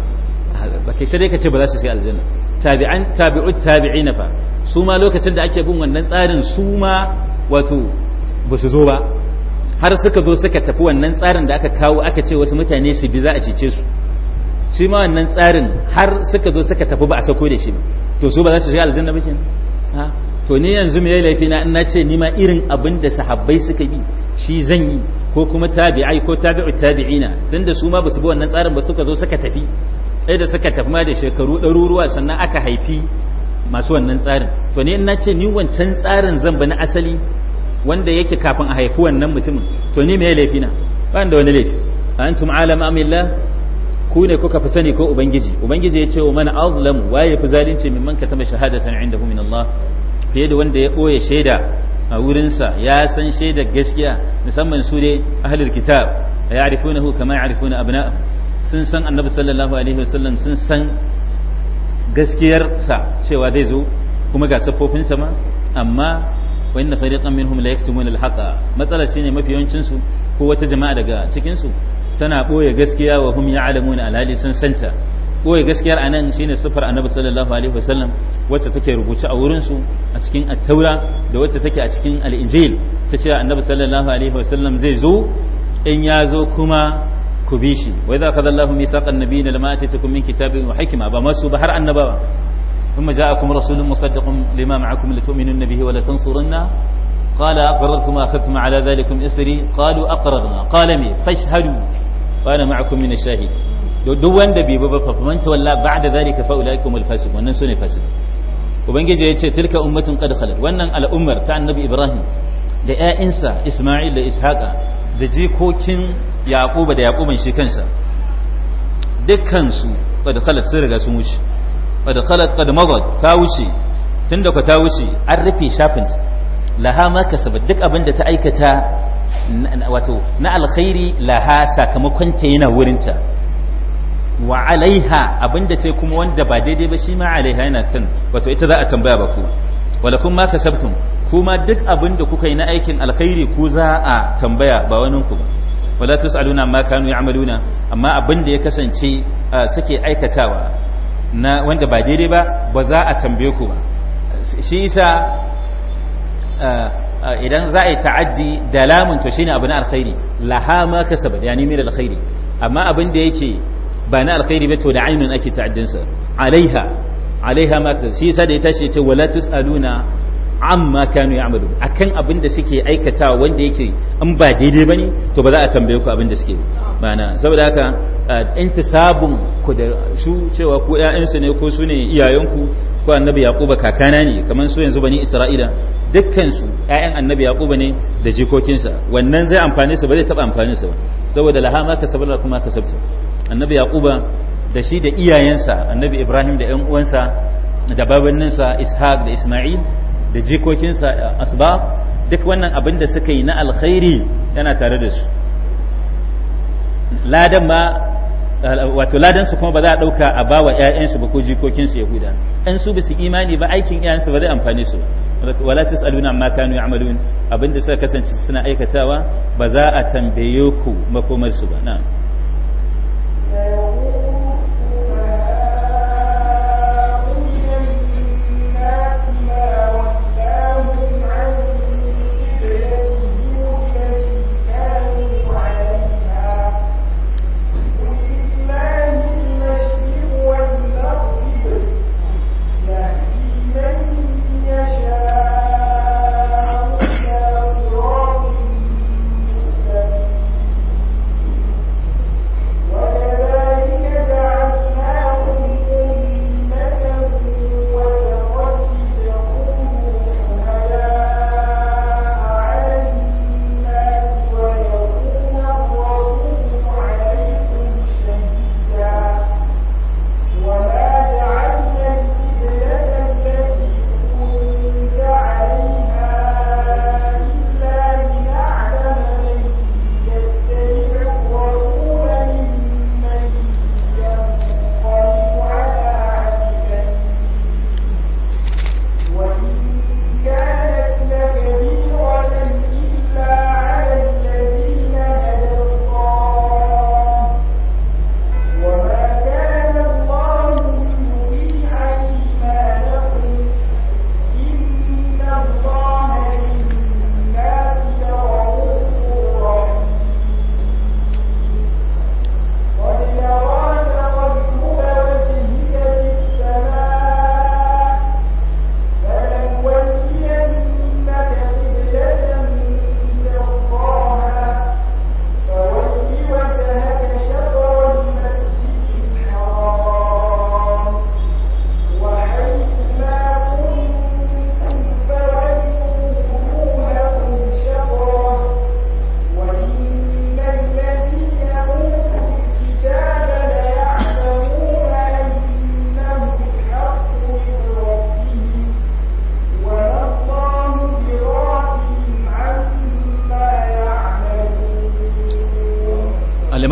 ba kai sai dai ka ce ba za su shiga aljanna tabi'an tabi'ut tabi'ina fa su ma lokacin da ake bin wannan tsarin su ma wato ba su zo ba har suka zo suka tafi wannan tsarin da aka kawo aka ce wasu mutane su bi za a cece su shi ma wannan tsarin har suka zo suka tafi ba a sako da shi ba to su ba za su shiga aljanna ba kenan to ni yanzu me laifi na in nace ni ma irin abin da sahabbai suka bi shi zan yi ko kuma tabi'ai ko tabi'u tabi'ina tunda su ma ba su bi wannan tsarin ba suka zo suka tafi sai da suka tafi ma da shekaru ɗaruruwa sannan aka haifi masu wannan tsarin to ni in ni wancan tsarin zan bi na asali wanda yake kafin a haifi wannan mutumin to ni me laifi na ba da wani laifi antum alam amillah ku ne kuka fi sani ko ubangiji ubangiji ya ce wa mana azlamu waye fi zalunci mimman katama shahadatan indahu min Allah fiye da wanda ya ɓoye shaida a wurinsa ya san shaida gaskiya musamman su dai ahlul kitab ya arifunahu kama ya arifuna abna sun san annabi sallallahu alaihi wasallam sun san gaskiyarsa cewa zai zo kuma ga siffofinsa ma amma wa inna fariqan minhum la yaktumun al-haqa matsala shine mafi yawancin su ko wata jama'a daga cikin su tana ɓoye gaskiya wa hum ya'lamun alali sun santa goye gaskiyar anan shine sifar annabi sallallahu alaihi wasallam wacce take rubuce a wurin su a cikin at-taura da wacce take a cikin al-injil ta ce annabi sallallahu alaihi wasallam zai zo in ya zo kuma ku bi shi wa idza akhadha Allahu mithaqan nabiyina lama atitukum min kitabin wa hikma ba masu ba har annabawa ثم جاءكم رسول مصدق wa معكم لتؤمنن به ولتنصرنه قال ala dhalikum isri qalu aqrarna qala mi fashhadu wa ana ma'akum min ash-shahidin duk wanda bai ba fa man tawalla ba'da zalika fa ulaikumul fasiqun wannan sune fasik ubangiji ya ce tilka ummatun qad khalat wannan al'ummar ta annabi ibrahim da ƴaƴansa isma'il da ishaqa da jikokin yaquba da yaquban shi kansa dukkan su qad khalat sun riga sun wuce qad khalat qad madat ta wuce tunda ka ta wuce an rufe shafin laha ma kasabat duk abin da ta aikata wato na alkhairi laha sakamakon ta yana wurinta wa alaiha abinda ce kuma wanda ba daidai ba shi ma alaiha yana kan wato ita za a tambaya ba ku wala kun ma kasabtum kuma duk abinda kuka yi na aikin alkhairi ku za a tambaya ba wani ku ba wala tusaluna ma kanu ya'maluna amma abinda ya kasance suke aikatawa na wanda ba daidai ba ba za a tambaye ku ba shi isa idan za a yi ta'addi da lamun to shine abu na alkhairi laha ma kasabat yani min alkhairi amma abin da yake ba na alkhairi ba to da ainun ake ta'addinsa alaiha alaiha ma ta shi yasa da ya tashi ce wala tusaluna amma kanu ya'malu akan abin da suke aikata wanda yake in ba daidai bane to ba za a tambaye ku abin da suke bana saboda haka intisabun ku da su cewa ku ƴaƴansu ne ko su ne iyayenku ko annabi yaquba kakana ne kamar su yanzu bani isra'ila dukkan su ƴaƴan annabi yaquba ne da jikokinsa wannan zai amfane su ba zai taba amfane su ba saboda lahama kasabala kuma kasabta annabi yaquba da shi da iyayensa annabi ibrahim da yan uwansa da babanninsa ishaq da isma'il da jikokinsa asbab duk wannan abin da suka yi na alkhairi yana tare da su ladan ma wato ladan su kuma ba za a dauka a ba wa ƴaƴansu ba ko jikokinsu yahuda in su bisu imani ba aikin ƴaƴansu ba zai amfane su wala tasaluna amma kanu ya'malun abinda suka kasance suna aikatawa ba za a tambaye ku makomar su ba na'am Amen.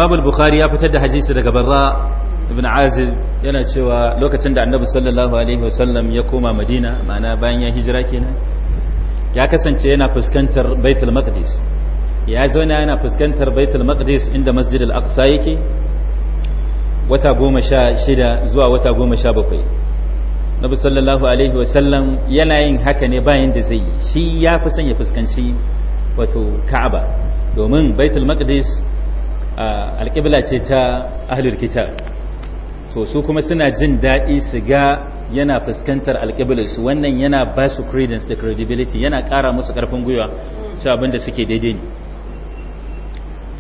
imam al-bukhari ya fitar da hadisi daga barra ibn azib yana cewa lokacin da annabi sallallahu alaihi wasallam ya koma madina ma'ana bayan ya hijira kenan ya kasance yana fuskantar baitul maqdis ya zauna yana fuskantar baitul maqdis inda masjid al-aqsa yake wata goma sha shida zuwa wata goma sha bakwai nabi sallallahu alaihi wasallam yana yin haka ne bayan da zai yi shi ya fi son ya fuskanci wato ka'aba domin baitul maqdis alƙibla ce ta ahlul kitab to su kuma suna jin daɗi su ga yana fuskantar alƙiblarsu wannan yana ba su credence da credibility yana ƙara musu ƙarfin gwiwa cewa abinda suke daidai ne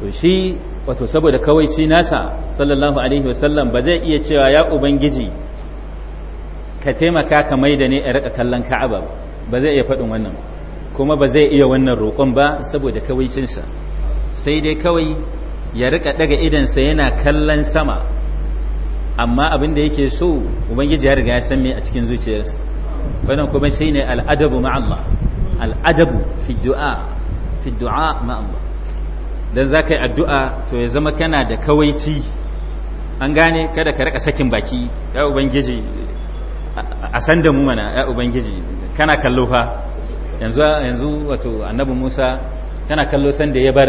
to shi wato saboda kawaici nasa sallallahu alaihi wasallam ba zai iya cewa ya ubangiji ka taimaka ka mai da ne a rika kallon ka'aba ba zai iya faɗin wannan kuma ba zai iya wannan roƙon ba saboda kawaicinsa sai dai kawai ya rika daga idansa yana kallon sama amma abin da yake so ubangiji ya riga ya san me a cikin zuciyarsa wannan kuma sai ne al'adabu ma Allah al'adabu fi du'a fi du'a ma Allah dan zaka yi addu'a to ya zama kana da kawaici an gane kada ka rika sakin baki ya ubangiji a san da mu mana ya ubangiji kana kallo fa yanzu yanzu wato annabi Musa kana kallo san da ya bar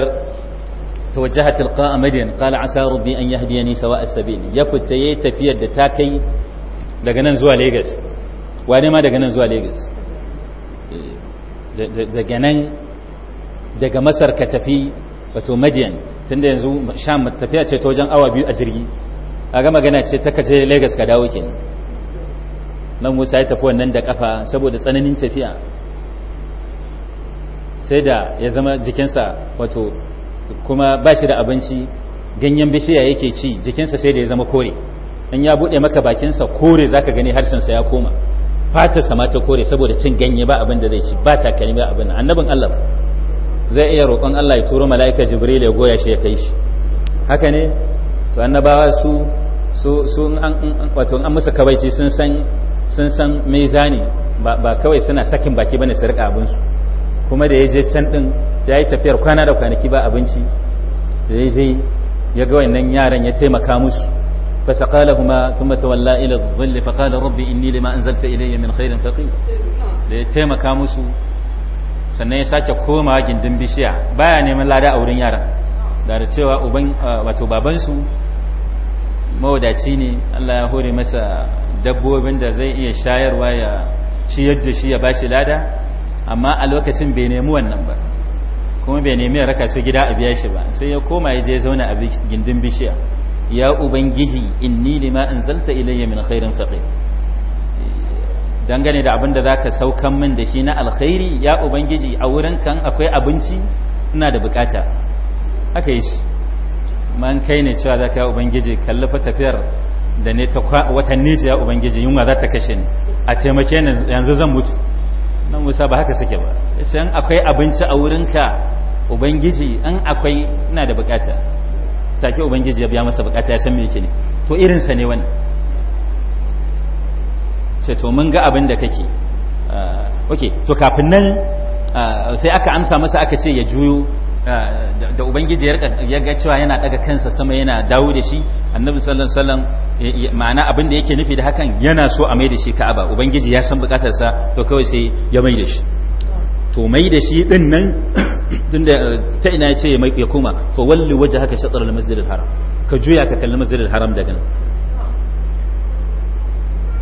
توجه تلقاء مدين قال عسى ربي أن يهديني سواء السبيل يكت يتفير دتاكي لغنان زوا ليغس وأنا ما لغنان زوا ليغس لغنان daga masar ka tafi wato madian tunda yanzu sham tafiya ce ta wajen awa biyu a jirgi kaga magana ce ta kaje Legas ka dawo kenan nan musa ya tafi wannan da kafa saboda tsananin tafiya sai da ya zama jikinsa wato kuma ba shi da abinci ganyen bishiya yake ci jikinsa sai da ya zama kore in ya bude maka bakinsa kore zaka gani harshensa ya koma fatar ma ta kore saboda cin ganye ba abin da zai ci ba takalmi ba abin annabin Allah zai iya roƙon Allah ya turo mala'ika Jibril ya goya shi ya kai shi haka ne to annabawa su su su an wato an musu kabaici sun san sun san mezani ba kawai suna sakin baki bane su rika abin su kuma da ya je can din ya yi tafiyar kwana da kwanaki ba abinci da ya je ya ga wannan yaran ya taimaka musu fa فسقالهما ثم تولى إلى الظل فقال ربي إني لما min إلي من Da ya taimaka musu sannan ya sake koma gindin bishiya baya neman lada a wurin yaran da da cewa uban wato babansu mawadaci ne Allah ya hore masa dabbobin da zai iya shayarwa ya ciyar da shi ya bashi lada amma a lokacin bai nemi wannan ba kuma bai nemi raka su gida a biya shi ba sai ya koma ya je zauna a gindin bishiya ya ubangiji inni lima anzalta ilayya min khairin faqir dangane da abin da zaka saukan min da shi na alkhairi ya ubangiji a wurin kan akwai abinci ina da bukata haka yi shi man kai ne cewa zaka ya ubangiji kalli fa tafiyar da ne ta watanni ce ya ubangiji yunwa za ta kashe ni a taimake ni yanzu zan mutu nan musa ba haka suke ba sai akwai abinci a wurinka ubangiji an akwai ina da bukata take ubangiji ya biya masa bukata ya san me yake ne to sa ne wani sai to mun ga abin da kake ah, okay to kafin nan ah, sai aka amsa masa aka ce ya juyo da ubangiji ya ga cewa yana daga kansa sama yana dawo da shi annabi sallallahu alaihi wasallam ma'ana abin da yake nufi da hakan yana so a mai da shi ka'aba ubangiji ya san bukatarsa to kawai sai ya mai da shi to mai da shi din nan tunda ta ina ce ya koma fa walli wajhaka shatr al-masjid al-haram ka juya ka kalli masjid al-haram daga nan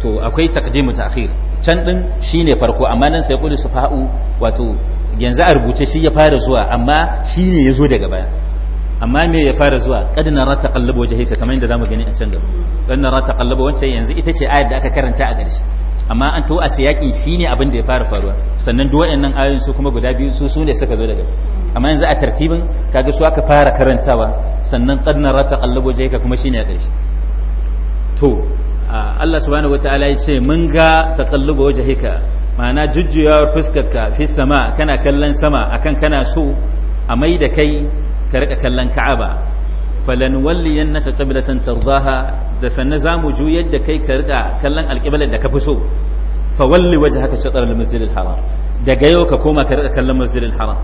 to akwai taqdimu ta'khir can din shine farko amma nan sai kullu sufa'u wato yanzu a rubuce shi ya fara zuwa amma shi ne ya zo daga baya amma me ya fara zuwa rata kallabo wajen wajhika kamar yadda mu gani a can gaba kad rata kallabo wancan yanzu ita ce ayar da aka karanta a ƙarshe amma an to a shi ne abin da ya fara faruwa sannan duk waɗannan ayoyin su kuma guda biyu su su ne suka zo daga amma yanzu a tartibin kaga su aka fara karantawa sannan rata kallabo wajen wajhika kuma shi ne a ƙarshe to Allah subhanahu ta'ala ya ce mun ga taqallaba wajhika ma'ana jujjuyawar fuskarka fi sama kana kallon sama akan kana so a mai da kai ka rika kallon ka'aba falan walli yannaka qiblatan tardaha da sanna zamu juyar da kai ka rika kallon alqiblar da ka fi so fa walli wajhaka shatr al-masjid al-haram da yau ka koma ka rika kallon masjid al-haram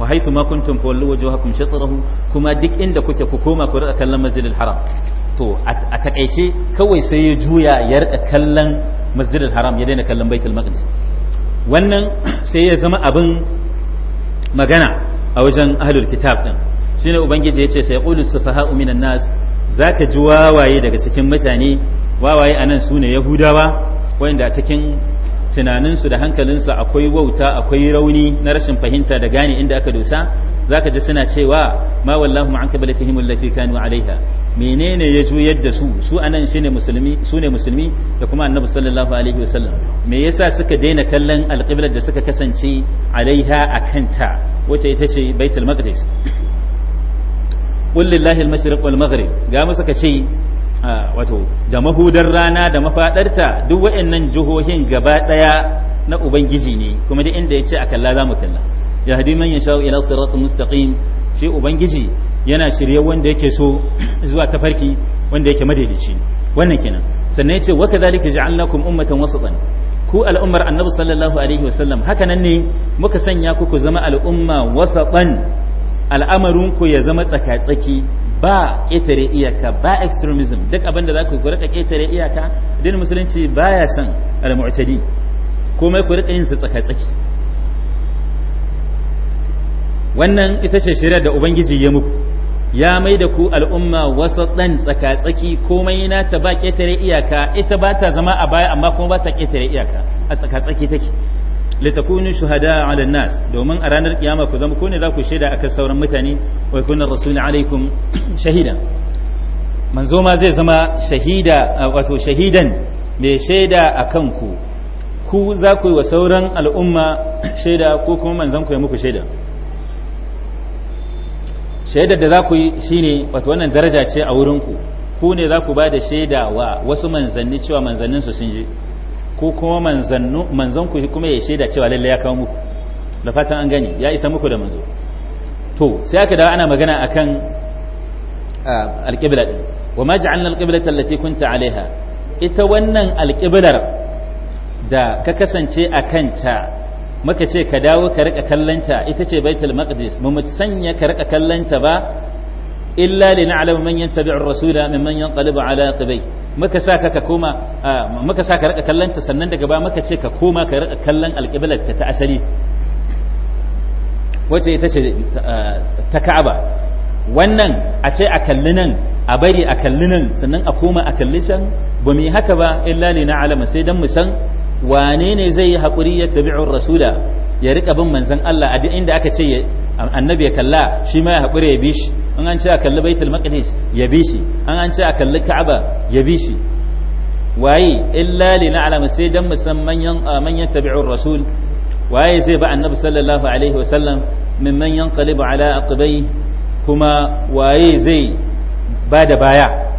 wa haythu ma kuntum fawallu wajhakum shatrahu kuma duk inda kuke ku koma ku rika kallon masjid al-haram to a takaice kawai sai ya juya ya rika kallon masjid al-haram ya daina kallon baitul maqdis wannan sai ya zama abin magana a wajen ahlul kitab din shine ubangiji yace sai qulu sufaha minan nas zaka ji wawaye daga cikin mutane wawaye anan sune yahudawa wanda a cikin tunaninsu da hankalinsu akwai wauta akwai rauni na rashin fahimta da gane inda aka dosa zaka ji suna cewa ma wallahu an kabalatihim allati kanu alaiha menene ya juyar da su su anan shine musulmi su ne musulmi da kuma annabi sallallahu alaihi wasallam me yasa suka daina kallon alqiblar da suka kasance alaiha akanta wacce ita ce baitul maqdis qul lillahi al-mashriq wal maghrib ga ce ah, wato da mahudar rana da mafadarta duk waɗannan jihohin gaba daya na ubangiji ne kuma duk inda ya ce a kalla za mu kalla yahdi man yashau ila siratin mustaqim shi ubangiji yana shirye wanda yake so zuwa tafarki wanda yake madaidaici wannan kenan sannan yace wa kadhalika ja'alnakum ummatan wasatan ku al'ummar annabi sallallahu alaihi wasallam haka nan ne muka sanya ku ku zama al'umma wasatan al'amarin ku ya zama tsakatsaki ba ƙetare iyaka ba extremism duk abin da za ku rika ƙetare iyaka din musulunci baya son al-mu'tadi komai ku rika yin sa tsakatsaki wannan ita ce shari'ar da ubangiji ya muku ya mai da ku al'umma wasu ɗan tsakatsaki komai na ta ba ƙetare iyaka ita ba ta zama a baya amma kuma ba ta ƙetare iyaka a tsaka take litakunu shuhada ala nas domin a ranar kiyama ku zama ku ne za ku shaida akan sauran mutane wa yakuna rasul alaikum shahida manzo ma zai zama shahida wato shahidan mai shaida akan ku ku za ku yi wa sauran al'umma shaida ko kuma manzon ku ya muku shaida shaidar da za ku yi shi ne wato wannan daraja ce a wurin ku ku ne za ku ba da shaida wa wasu manzanni cewa manzannin su sun je ko kuma manzan ku kuma ya shaida cewa lalle ya kawo muku da fatan an gani ya isa muku da manzo to sai aka dawo ana magana akan alqibla wa ma ja'alna alqiblata allati kunta alaiha ita wannan alqiblar da ka kasance a kanta muka ce ka dawo ka rika kallanta ita ce baitul maqdis mu mu sanya ka rika kallanta ba illa li na'lamu man yantabi'u ar-rasula mimman yanqalibu ala qibai muka sa ka ka koma muka sa ka rika kallanta sannan daga ba muka ce ka koma ka rika kallan alqiblat ta asali wace ita ce ta Ka'aba wannan a ce a kalli nan a bari a kalli nan sannan a koma a kalli can ba mu yi haka ba illa li na'lamu sai dan mu san wane ne zai yi haƙuri ya tabi'un rasula ya riƙa bin manzan Allah a duk inda aka ce annabi ya kalla shi ma ya haƙuri ya bi shi an an ce a kalli baitul maqdis ya bi shi an an ce a kalli ka'aba ya bi shi waye illa li na'lamu sai dan musamman yan manyan tabi'un rasul waye zai ba annabi sallallahu alaihi wa sallam mimman yanqalibu ala aqibai kuma waye zai ba da baya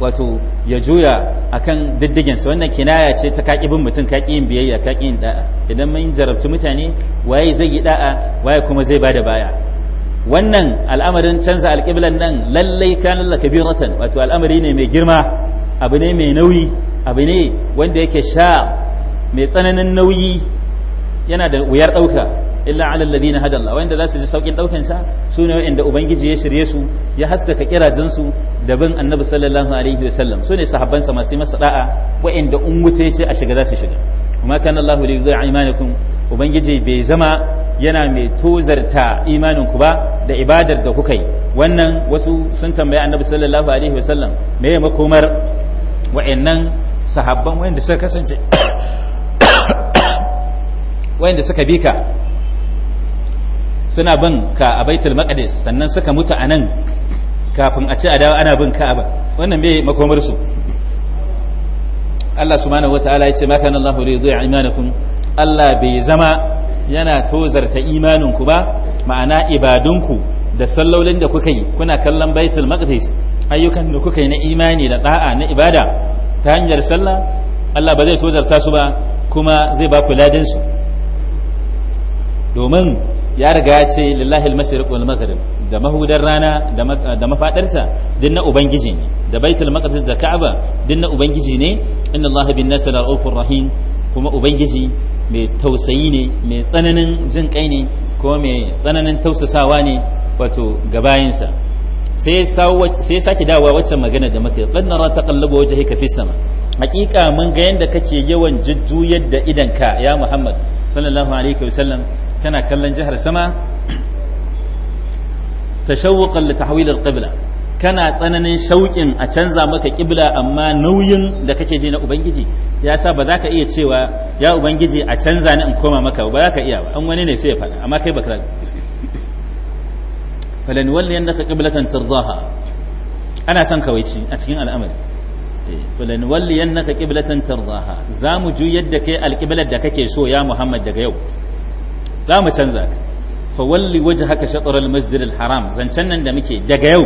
wato ya juya akan diddigin sa wannan kinaya ce ta kaki bin mutum kaki yin biyayya kaki yin da'a idan mun jarabci mutane waye zai yi da'a waye kuma zai bada baya wannan al'amarin canza alƙiblan nan lallai kana la wato al'amari ne mai girma abu ne mai nauyi abu ne wanda yake sha mai tsananin nauyi yana da wuyar ɗauka illa ala alladhina hada Allah wanda zasu ji saukin daukan sa sune wanda ubangiji ya shirye su ya haskaka kirajin su da bin annabi sallallahu alaihi wa sallam sune sahabban sa masu masa da'a wanda in wuta yace a shiga zasu shiga kuma kana Allah li yudhi'a imanakum ubangiji bai zama yana mai tozarta imanin ku ba da ibadar da kuka yi wannan wasu sun tambaya annabi sallallahu alaihi wa sallam me ya makomar wa'annan sahabban wanda suka kasance wa'anda suka bi ka. suna bin ka a baitul maqdis sannan suka mutu a nan kafin a ci a dawo ana bin ka'aba wannan bai makomar su Allah subhanahu wataala yace ma Allahu li imanakum Allah bai zama yana tozarta imaninku ba ma'ana ibadunku da sallolin da kuka yi kuna kallon baitul maqdis ayyukan da kuka yi na imani da da'a na ibada ta hanyar sallah Allah ba zai tozarta su ba kuma zai ba ku ladan su domin ya riga ya ce lillahi al-mashriq wal maghrib da mahudar rana da mafadarsa din na ubangiji ne da baitul maqdis da ka'aba din na ubangiji ne inna allaha bin nasi ra'ufur rahim kuma ubangiji mai tausayi ne mai tsananin jin kai ne kuma mai tsananin tausasawa ne wato gabayinsa sai sai sake dawowa waccan magana da muka yi qad nara taqallaba wajhika fi sama hakika mun ga yanda kake yawan jujjuyar da idan ka ya muhammad sallallahu alaihi wasallam tana kallon jihar sama tashawuqan li tahwil al kana tsananin shauƙin a canza maka ƙibla amma nauyin da kake ji na ubangiji ya sa ba za ka iya cewa ya ubangiji a canza ni in koma maka ba za ka iya ba an wani ne sai ya faɗa amma kai baka falan walli yannaka qiblatan tardaha ana son kawaici a cikin al'amari eh, falan walli yannaka qiblatan tardaha za mu juyar da kai alƙiblar da kake so ya muhammad daga yau za mu canza ka fa walli waje haka al masjid al haram zancen nan da muke daga yau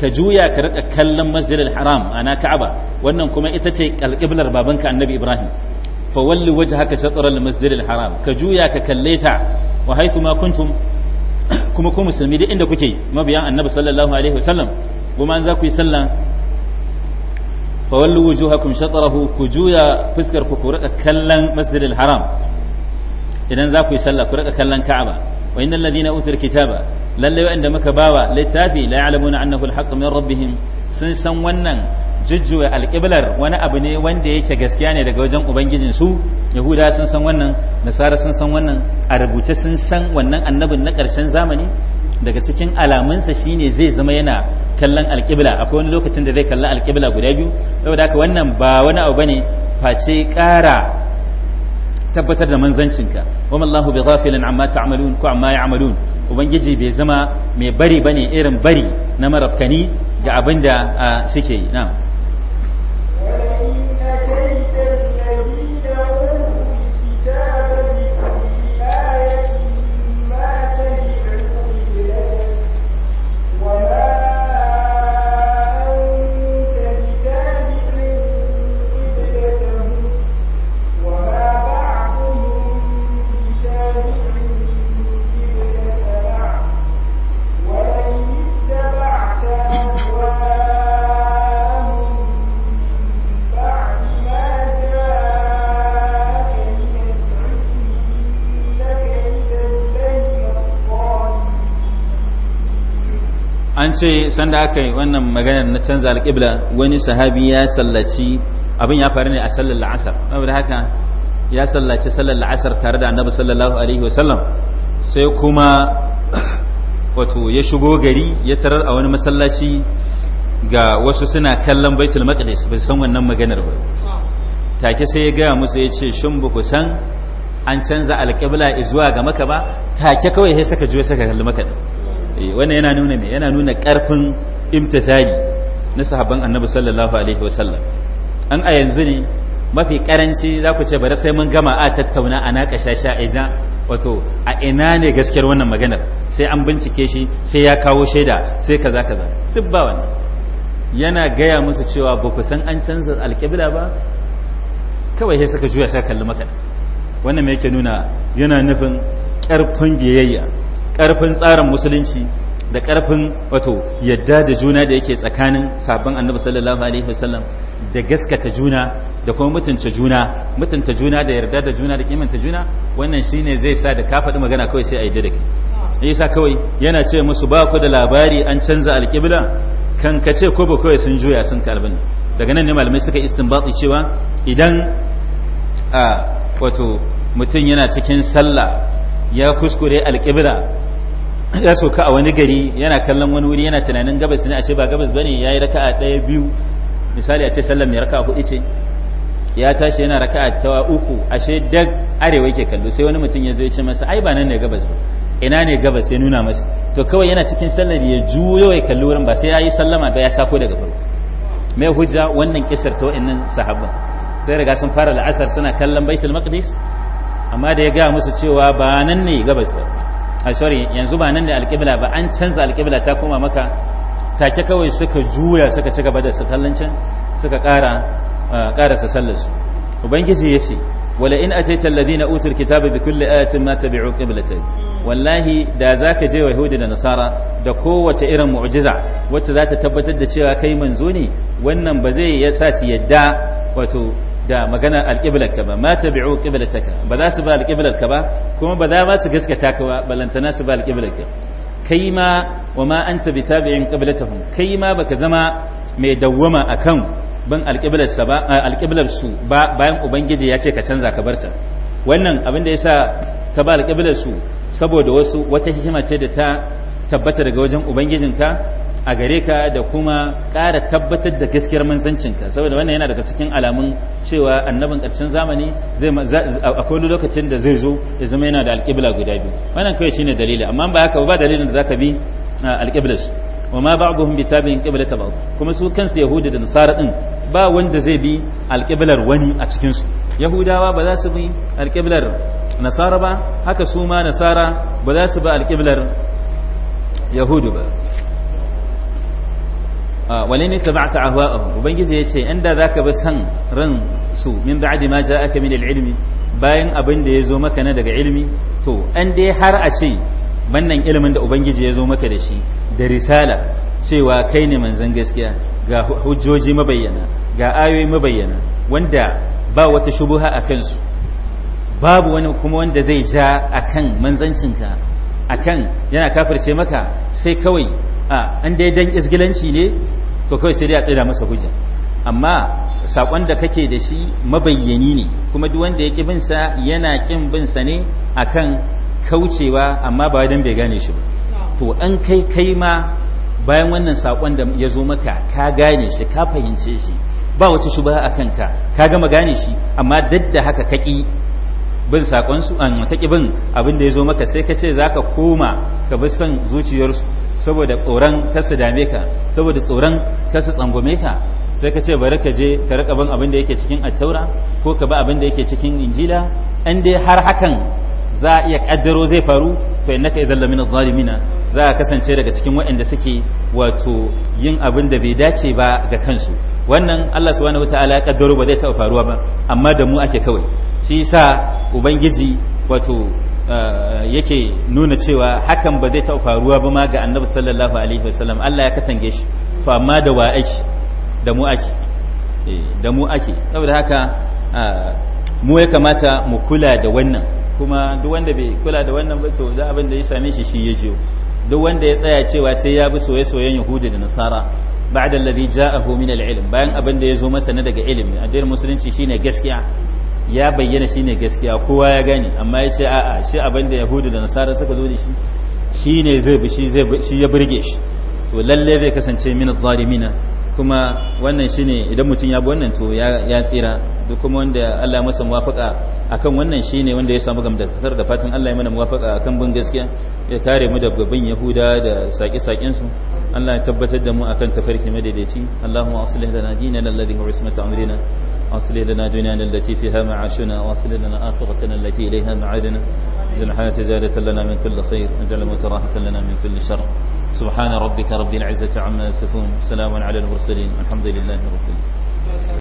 ka juya ka rika kallon masjid al haram ana ka'aba wannan kuma ita ce alqiblar babanka annabi ibrahim fa walli waje haka al masjid al haram ka juya ka kalle ta wa haithuma kuntum kuma ku musulmi duk inda kuke mabiyan annabi sallallahu alaihi wasallam kuma an za ku yi sallah fa wallu wujuhakum shatrahu ku juya fuskar ku ku rika kallon masjidil haram idan za ku yi sallah ku rika kallon ka'aba wa innal ladina utul kitaba lalle wa'anda muka bawa littafi la ya'lamuna annahu al-haqqu min rabbihim sun san wannan jujjuya alƙiblar wani abu ne wanda yake gaskiya ne daga wajen ubangijin su yahuda sun san wannan nasara sun san wannan a rubuce sun san wannan annabin na ƙarshen zamani daga cikin alamunsa shine zai zama yana kallon alƙibla akwai wani lokacin da zai kalli alƙibla guda biyu saboda haka wannan ba wani abu bane face ƙara tabbatar da manzancinka wama Allahu bi ghafilin amma ta'malun ko amma ya'malun ubangiji bai zama mai bari bane irin bari na marabtani ga abinda ah, suke yi na'am ce sanda aka yi wannan magana na canza alƙibla wani sahabi ya sallaci abin ya faru ne a sallar la'asar saboda haka ya sallaci sallar la'asar tare da annabi sallallahu alaihi wasallam sai kuma wato ya shigo gari ya tarar a wani masallaci ga wasu suna kallon baitul maqdis bai san wannan maganar ba take sai ya gaya musu ya ce shin ba ku san an canza alƙibla zuwa ga maka ba take kawai sai saka juya saka kalli maka Eh, wannan yana nuna me yana nuna ƙarfin imtithali na sahabban annabi sallallahu alaihi wa sallam an a yanzu ne mafi karanci za ku ce bari sai mun gama a tattauna a naka shasha iza wato a ina ne gaskiyar wannan maganar sai an bincike shi sai ya kawo shaida sai kaza kaza duk ba wannan yana gaya musu cewa ba ku san an canza alƙibla ba kawai sai suka juya suka kalli maka wannan me yake nuna yana nufin ƙarfin biyayya karfin tsarin musulunci da karfin wato yadda da juna da yake tsakanin sabon annabi sallallahu alaihi wasallam da gaskata juna da kuma mutunta juna mutunta juna da yarda da juna da kimanta juna wannan shine zai sa da kafa da magana kawai sai a yi da kai yasa kawai yana ce musu ba ku da labari an canza alƙibla kan ka ce ko ba kawai sun juya sun kalbin daga nan ne malamai suka istinbati cewa idan a wato mutum yana cikin sallah ya kuskure alƙibla ya soka a wani gari yana kallon wani wuri yana tunanin gabas ne ashe ba gabas bane yayi raka'a ɗaya biyu misali a ce sallar mai raka'a hudu ce ya tashi yana raka'a ta uku ashe dag arewa yake kallo sai wani mutum ya zo ya ce masa ai ba nan ne gabas ba ina ne gabas ya nuna masa to kawai yana cikin sallar ya juyo ya kalli wurin ba sai yayi sallama ba ya sako daga farko mai hujja wannan kisar ta wa'annan sahabban sai riga sun fara la'asar suna kallon baitul maqdis amma da ya ga musu cewa ba nan ne gabas ba a sorry yanzu ba nan da alƙibla ba an canza alƙibla ta koma maka take kawai suka juya suka ci gaba da sallancin suka ƙara uh, ƙarasa sallarsu ubangiji ya ce wala in ataita alladhina utul kitaba bi kulli ayatin ma bi'u qiblatay wallahi da zaka je wa yahudi da nasara da kowace irin mu'jiza wacce za ta tabbatar da cewa kai manzo ne wannan ba zai yasa su yadda wato da magana ka ba ma tabi'u qiblataka ba za su ba ka ba kuma ba za su gaskata ka ba ballantana su ba ka kai ma wa ma anta tabi'in qiblatahum kai ma baka zama mai dawwama akan ban alƙiblar sa ba alƙiblar su ba bayan ubangiji ya ce ka canza ka barta wannan abin da yasa ka ba alƙiblar su saboda wasu wata hikima ce da ta tabbata daga wajen ubangijinka a gare ka da kuma ƙara tabbatar da gaskiyar manzancinka saboda wannan yana daga cikin alamun cewa annabin ƙarshen zamani zai akwai lokacin da zai zo ya zama yana da alƙibla guda biyu wannan kawai shine dalili amma ba haka ba dalilin da zaka bi alƙiblas wa ma ba'dhum bi tabi'in qiblata ba'd kuma su kansu yahudi da nasara din ba wanda zai bi alƙiblar wani a cikin su yahudawa ba za su bi alƙiblar nasara ba haka su ma nasara ba za su bi alƙiblar yahudu ba wani ne ta ba'ata ubangiji ya ce inda zaka bi san ran su min ba'di ma ja'aka min al-ilmi bayan abin da ya zo maka na daga ilmi to an dai har a ce bannan ilimin da ubangiji ya zo maka da shi da risala cewa kai ne manzan gaskiya ga hujjoji mabayyana ga ayoyi mabayyana wanda ba wata shubuha a kansu babu wani kuma wanda zai ja akan manzancinka akan yana kafirce maka sai kawai a an dai dan isgilanci ne to kawai sai dai a tsira masa hujja amma sakon da kake da shi mabayyani ne kuma duk wanda yake bin sa yana kin bin sa ne akan kaucewa amma ba dan bai gane shi ba to an kai kai ma bayan wannan sakon da ya zo maka ka gane shi ka fahimce shi ba wata shubha akan ka ka gama gane shi amma dadda haka kaki bin sakon su an kaki bin abin da ya zo maka sai ka ce zaka koma ka bi son zuciyarsu saboda tsoron kasa dame ka saboda tsoron kasa tsangwame ka sai ka ce bari ka je ka rika bin abin da yake cikin attaura ko ka ba abin da yake cikin injila an dai har hakan za a iya kaddaro zai faru to innaka idan lamina zalimina za a kasance daga cikin waɗanda suke wato yin abin da bai dace ba ga kansu wannan Allah subhanahu wataala ya kaddaro ba zai taɓa faruwa ba amma da mu ake kawai shi yasa ubangiji wato Eh, yake nuna cewa hakan ba zai taɓa faruwa ba ma ga annabi sallallahu alaihi wasallam Allah ya katange shi to amma da wa ake da mu ake eh, da mu ake saboda haka eh, mu ya kamata mu kula da wannan kuma duk wanda bai kula da wannan ba to da abin da ya same shi shi ya jiyo duk wanda ya tsaya cewa sai ya bi soye-soyen yahudi da nasara ba'da alladhi ja'ahu min al-ilm bayan abin da ya zo masa na daga ilimi addinin musulunci shine gaskiya ya bayyana shi ne gaskiya kowa ya gane amma ya ce a'a shi abinda yahudu da nasara suka zo da shi shi ne zai bi shi zai shi ya burge shi to lalle bai kasance min zalimina kuma wannan shine idan mutum ya bi wannan to ya tsira duk kuma wanda Allah masa muwafaka akan wannan shine wanda ya samu gamdakatar da fatan Allah ya mana muwafaka akan bin gaskiya ya kare mu da gaban yahuda da saki-sakin su Allah ya tabbatar da mu akan tafarki madaidaici Allahumma aslih lana dinana alladhi huwa ismatu amrina واصل لنا دنيانا التي فيها معاشنا واصل لنا آخرتنا التي إليها معادنا اجعل الحياة زادة لنا من كل خير اجعل الموت راحة لنا من كل شر سبحان ربك رب العزة عما يصفون سلام على المرسلين الحمد لله رب العالمين